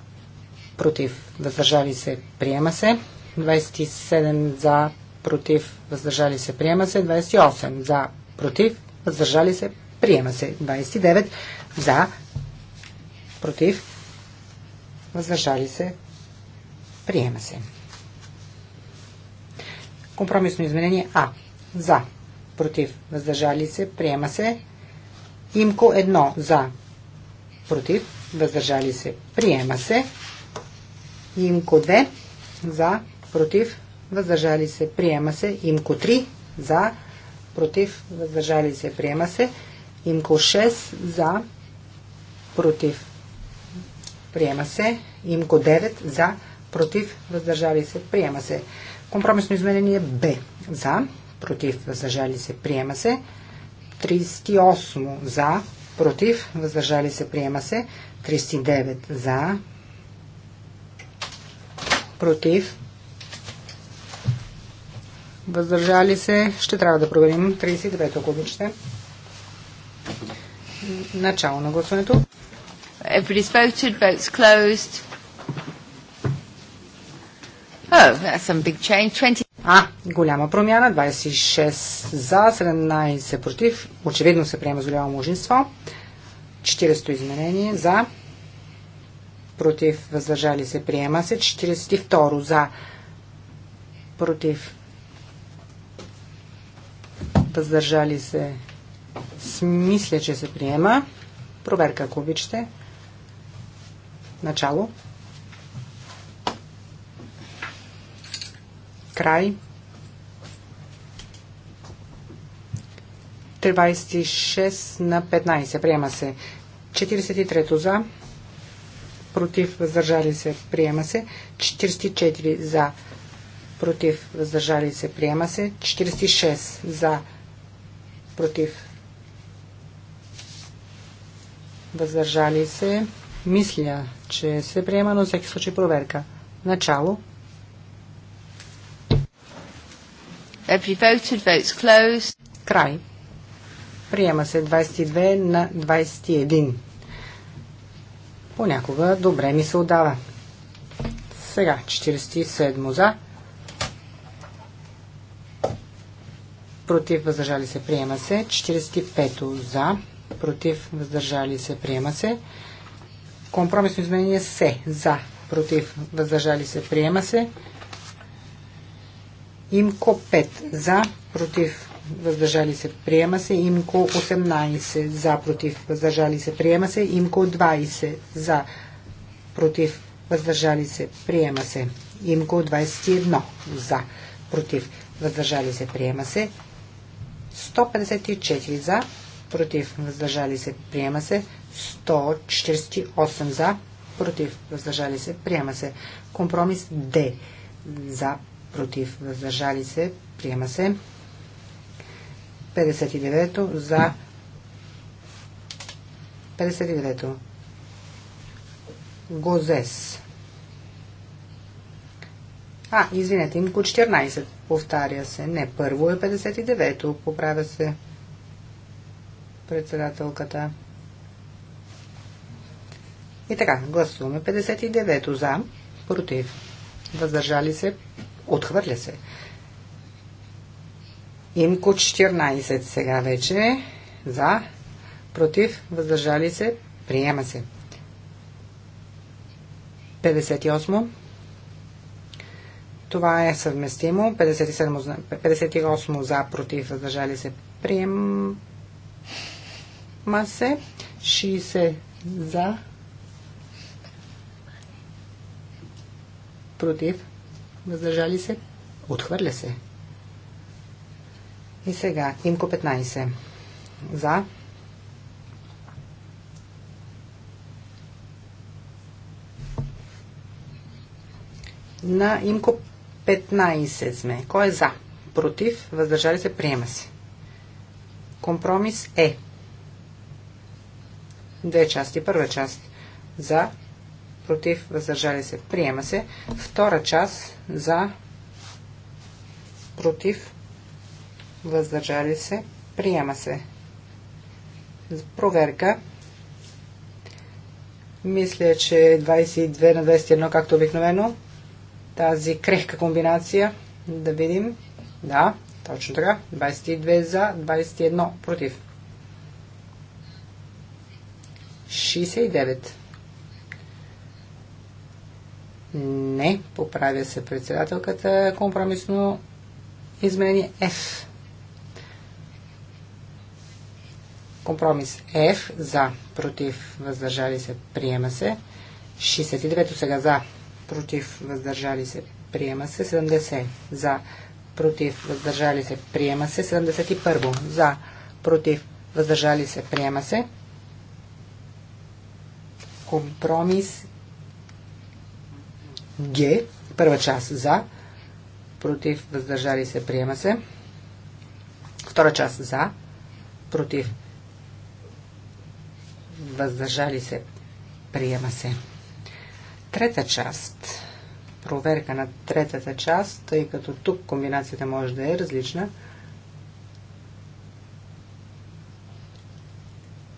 против, въздържали се, приема се. 27 за, против, въздържали се, приема се. 28 за, против, въздържали се, приема се. 29 за, против, въздържали се, приема се. Компромисно изменение А. За, против, въздържали се, приема се. Имко 1 за, против, въздържали се, приема се. Имко 2 за, против, въздържали се, приема се. Имко 3 за, против, въздържали се, приема се. Имко 6 за, против, приема се. Имко 9 за, против, въздържали се, приема се. Компромисно изменение Б за, против, въздържали се, приема се. 38 за, против, въздържали се, приема се. 39 за, против, въздържали се. Ще трябва да проверим 39, то кубичте. Начало на гласуването. Everybody's voted. Votes closed. Oh, that's some big change. 20... А, голяма промяна. 26 за, 17 против. Очевидно се приема с голямо мужинство. 40 изменение за, против, въздържали се, приема се. 42 за, против, въздържали се, Смисля, че се приема. Проверка, ако обичате. Начало. Край. 26 на 15. Приема се. 43 за. Против. Въздържали се. Приема се. 44 за. Против. Въздържали се. Приема се. 46 за. Против. Въздържали се. Мисля, че се приема, но всеки случай проверка. Начало. Every voted votes closed. Край. Приема се 22 на 21. Понякога добре ми се отдава. Сега 47 за. Против въздържали се приема се. 45 за. Против въздържали се приема се. Компромисно изменение се. За. Против. Въздържали се. Приема се. Имко 5. За. Против. Въздържали се. Приема се. Имко 18. За. Против. Въздържали се. Приема се. Имко 20. За. Против. Въздържали се. Приема се. Имко 21. За. Против. Въздържали се. Приема се. 154 за. Против. Въздържали се. Приема се. 148 за, против, въздържали се, приема се. Компромис Д за, против, въздържали се, приема се. 59-то за 59-то Гозес А, извинете, имко 14 повтаря се. Не, първо е 59-то, поправя се председателката. И така, гласуваме 59-то за, против, въздържали се, отхвърля се. Имко 14 сега вече, за, против, въздържали се, приема се. 58. Това е съвместимо. 57, 58 за, против, въздържали се, приема се. 60 за, против, въздържали се, отхвърля се. И сега, имко 15. За. На имко 15 сме. Кой е за? Против, въздържали се, приема се. Компромис е. Две части. Първа част. За, против, въздържали се, приема се. Втора част за, против, въздържали се, приема се. Проверка. Мисля, че 22 на 21, както обикновено. Тази крехка комбинация. Да видим. Да, точно така. 22 за, 21 против. 69. Не, поправя се председателката. Компромисно изменение F. Компромис F за, против, въздържали се, приема се. 69 сега за, против, въздържали се, приема се. 70 за, против, въздържали се, приема се. 71 за, против, въздържали се, приема се. Компромис г. Първа част за. Против. Въздържали се. Приема се. Втора част за. Против. Въздържали се. Приема се. Трета част. Проверка на третата част, тъй като тук комбинацията може да е различна.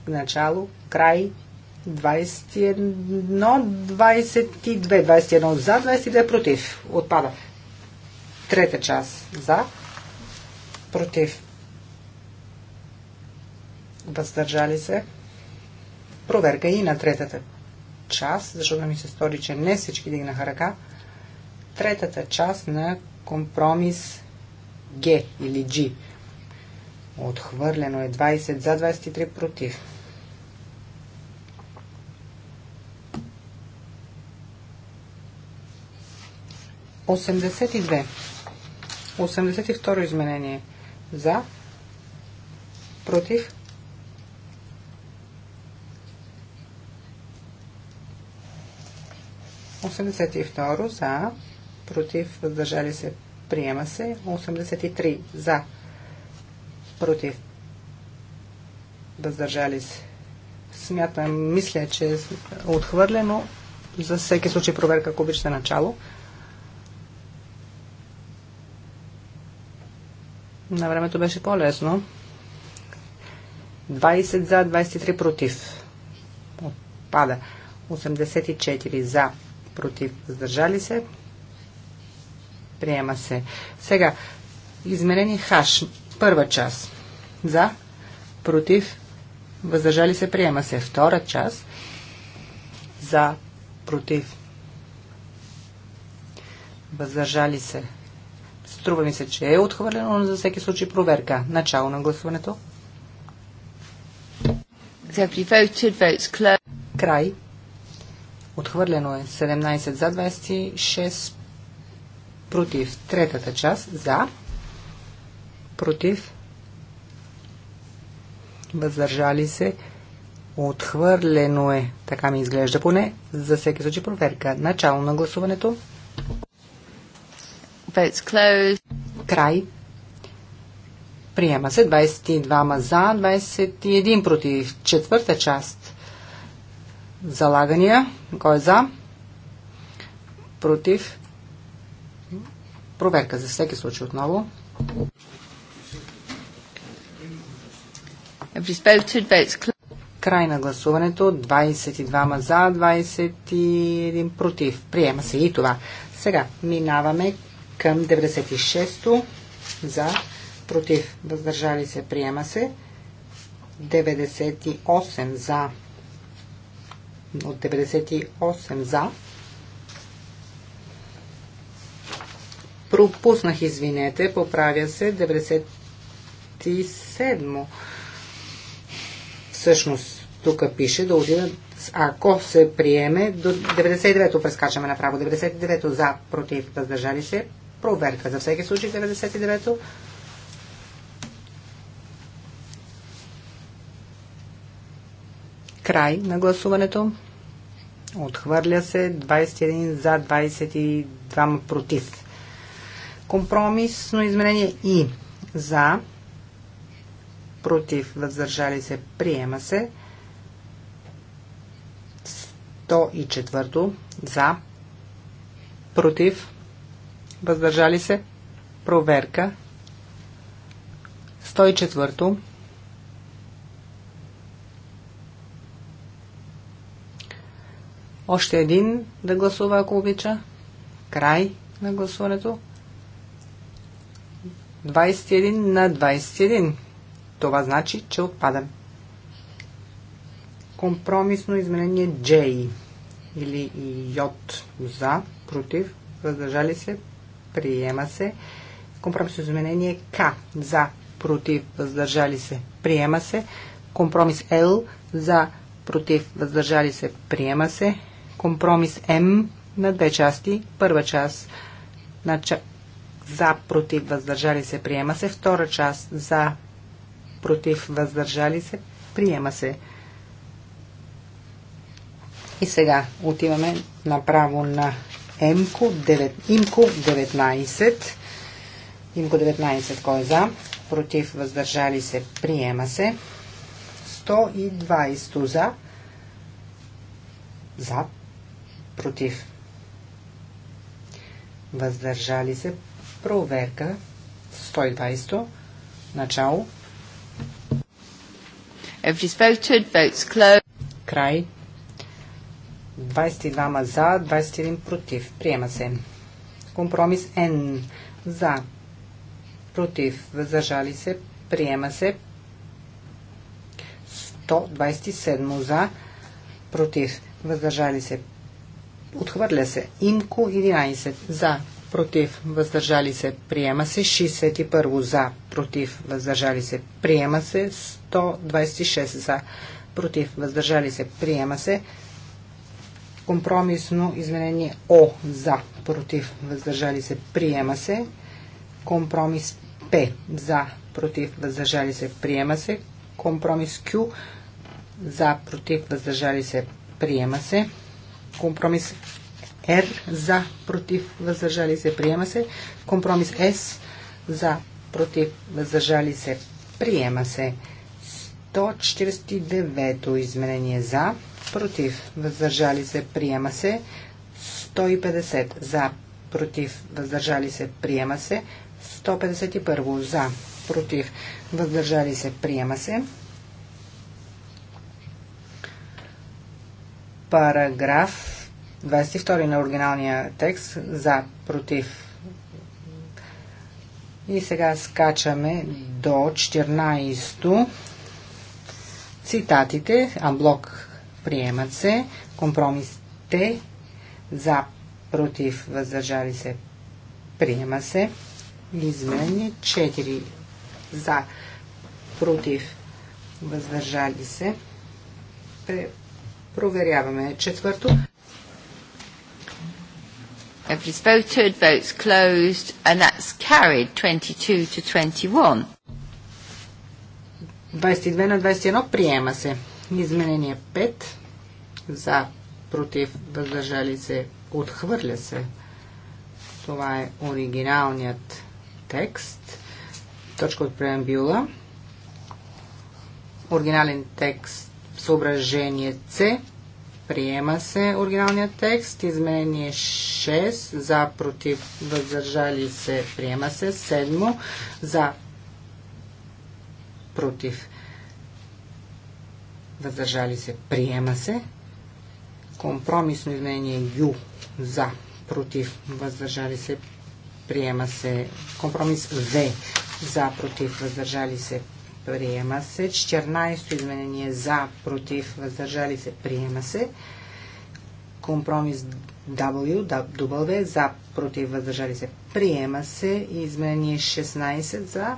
Начало, край, 21, 22, 21 за, 22 против. Отпада. Трета част за, против. Въздържали се. Проверка и на третата част, защото ми се стори, че не всички дигнаха ръка. Третата част на компромис Г или G. Отхвърлено е 20 за, 23 против. 82. 82 изменение. За. Против. Осемдесет и второ за, против, въздържали се, приема се. 83 за, против, въздържали се. Смятам, мисля, че е отхвърлено. За всеки случай проверка, ако обичате начало. На времето беше по-лесно. 20 за, 23 против. Отпада. 84 за, против, въздържали се. Приема се. Сега, измерени хаш. Първа част. За, против, въздържали се, приема се. Втора част. За, против, въздържали се, Струва ми се, че е отхвърлено, но за всеки случай проверка. Начало на гласуването. Край. Отхвърлено е 17 за 26 против. Третата част за против. Въздържали се. Отхвърлено е. Така ми изглежда поне. За всеки случай проверка. Начало на гласуването. Votes closed. Край. Приема се 22 за, 21 против. Четвърта част. Залагания. Кой е за? Против. Проверка за всеки случай отново. Край на гласуването. 22 за, 21 против. Приема се и това. Сега минаваме към 96-то за, против, въздържали се, приема се. 98 за, от 98 за. Пропуснах, извинете, поправя се, 97 Всъщност, тук пише да отидат ако се приеме, до 99-то прескачаме направо. 99-то за, против, въздържали се, проверка. За всеки случай 99-то. Край на гласуването. Отхвърля се 21 за 22 против. Компромисно изменение И за против въздържали се приема се 104 за против Въздържали се? Проверка. 104. Още един да гласува, ако обича. Край на гласуването. 21 на 21. Това значи, че отпадам. Компромисно изменение J или J за, против, въздържали се, приема се. Компромисно изменение К за, против, въздържали се, приема се. Компромис Л за, против, въздържали се, приема се. Компромис М на две части. Първа част на ча... за, против, въздържали се, приема се. Втора част за, против, въздържали се, приема се. И сега отиваме направо на 9, ИМКО 19. ИМКО 19, кой е за? Против, въздържали се, приема се. 120 за. За. Против. Въздържали се. Проверка. 120. Начало. voted, votes Край. 22 за, 21 против. Приема се. Компромис Н. За. Против. Въздържали се. Приема се. 127 за. Против. Въздържали се. Отхвърля се. Имко 11. За. Против. Въздържали се. Приема се. 61 за. Против. Въздържали се. Приема се. 126 за. Против. Въздържали се. Приема се. Компромисно изменение О за, против, въздържали се, приема се. Компромис П за, против, въздържали се, приема се. Компромис Q за, против, въздържали се, приема се. Компромис Р за, против, въздържали се, приема се. Компромис С за, против, въздържали се, приема се. 149 изменение за, против, въздържали се, приема се. 150 за, против, въздържали се, приема се. 151 за, против, въздържали се, приема се. Параграф 22 на оригиналния текст за, против. И сега скачаме до 14 цитатите, амблок Приемат се. Компромисите за, против, въздържали се. Приема се. Измени 4 за, против, въздържали се. Проверяваме четвърто. Every voted, votes closed, and that's carried 22 to 21. 22 на 21 приема се. Изменение 5. За, против, въздържали се, отхвърля се. Това е оригиналният текст. Точка от преамбюла. Оригинален текст. Съображение С. Приема се оригиналният текст. Изменение 6. За, против, въздържали се. Приема се. Седмо. За, против, въздържали се, приема се. Компромисно изменение Ю за, против, въздържали се, приема се. Компромис В за, против, въздържали се, приема се. 14-то изменение за, против, въздържали се, приема се. Компромис W, W, за, против, въздържали се, приема се. И изменение 16 за,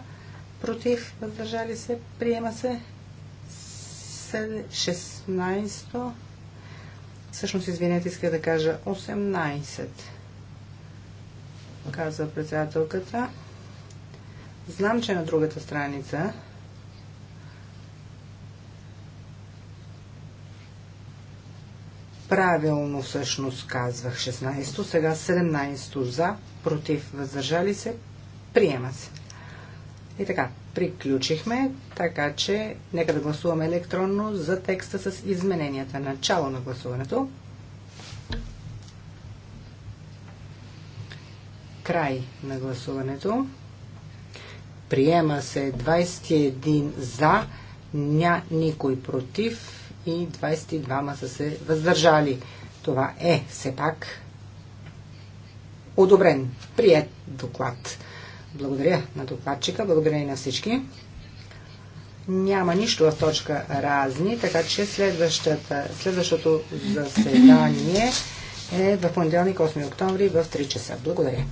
против, въздържали се, приема се. 16 Всъщност, извинете, иска да кажа 18, казва председателката. Знам, че е на другата страница правилно всъщност казвах 16, сега 17 за, против, въздържали се, приема се. И така, приключихме, така че нека да гласуваме електронно за текста с измененията. Начало на гласуването. Край на гласуването. Приема се 21 за, ня никой против и 22 са се въздържали. Това е все пак одобрен, прият доклад. Благодаря на докладчика, благодаря и на всички. Няма нищо в точка разни, така че следващото заседание е в понеделник 8 октомври в 3 часа. Благодаря.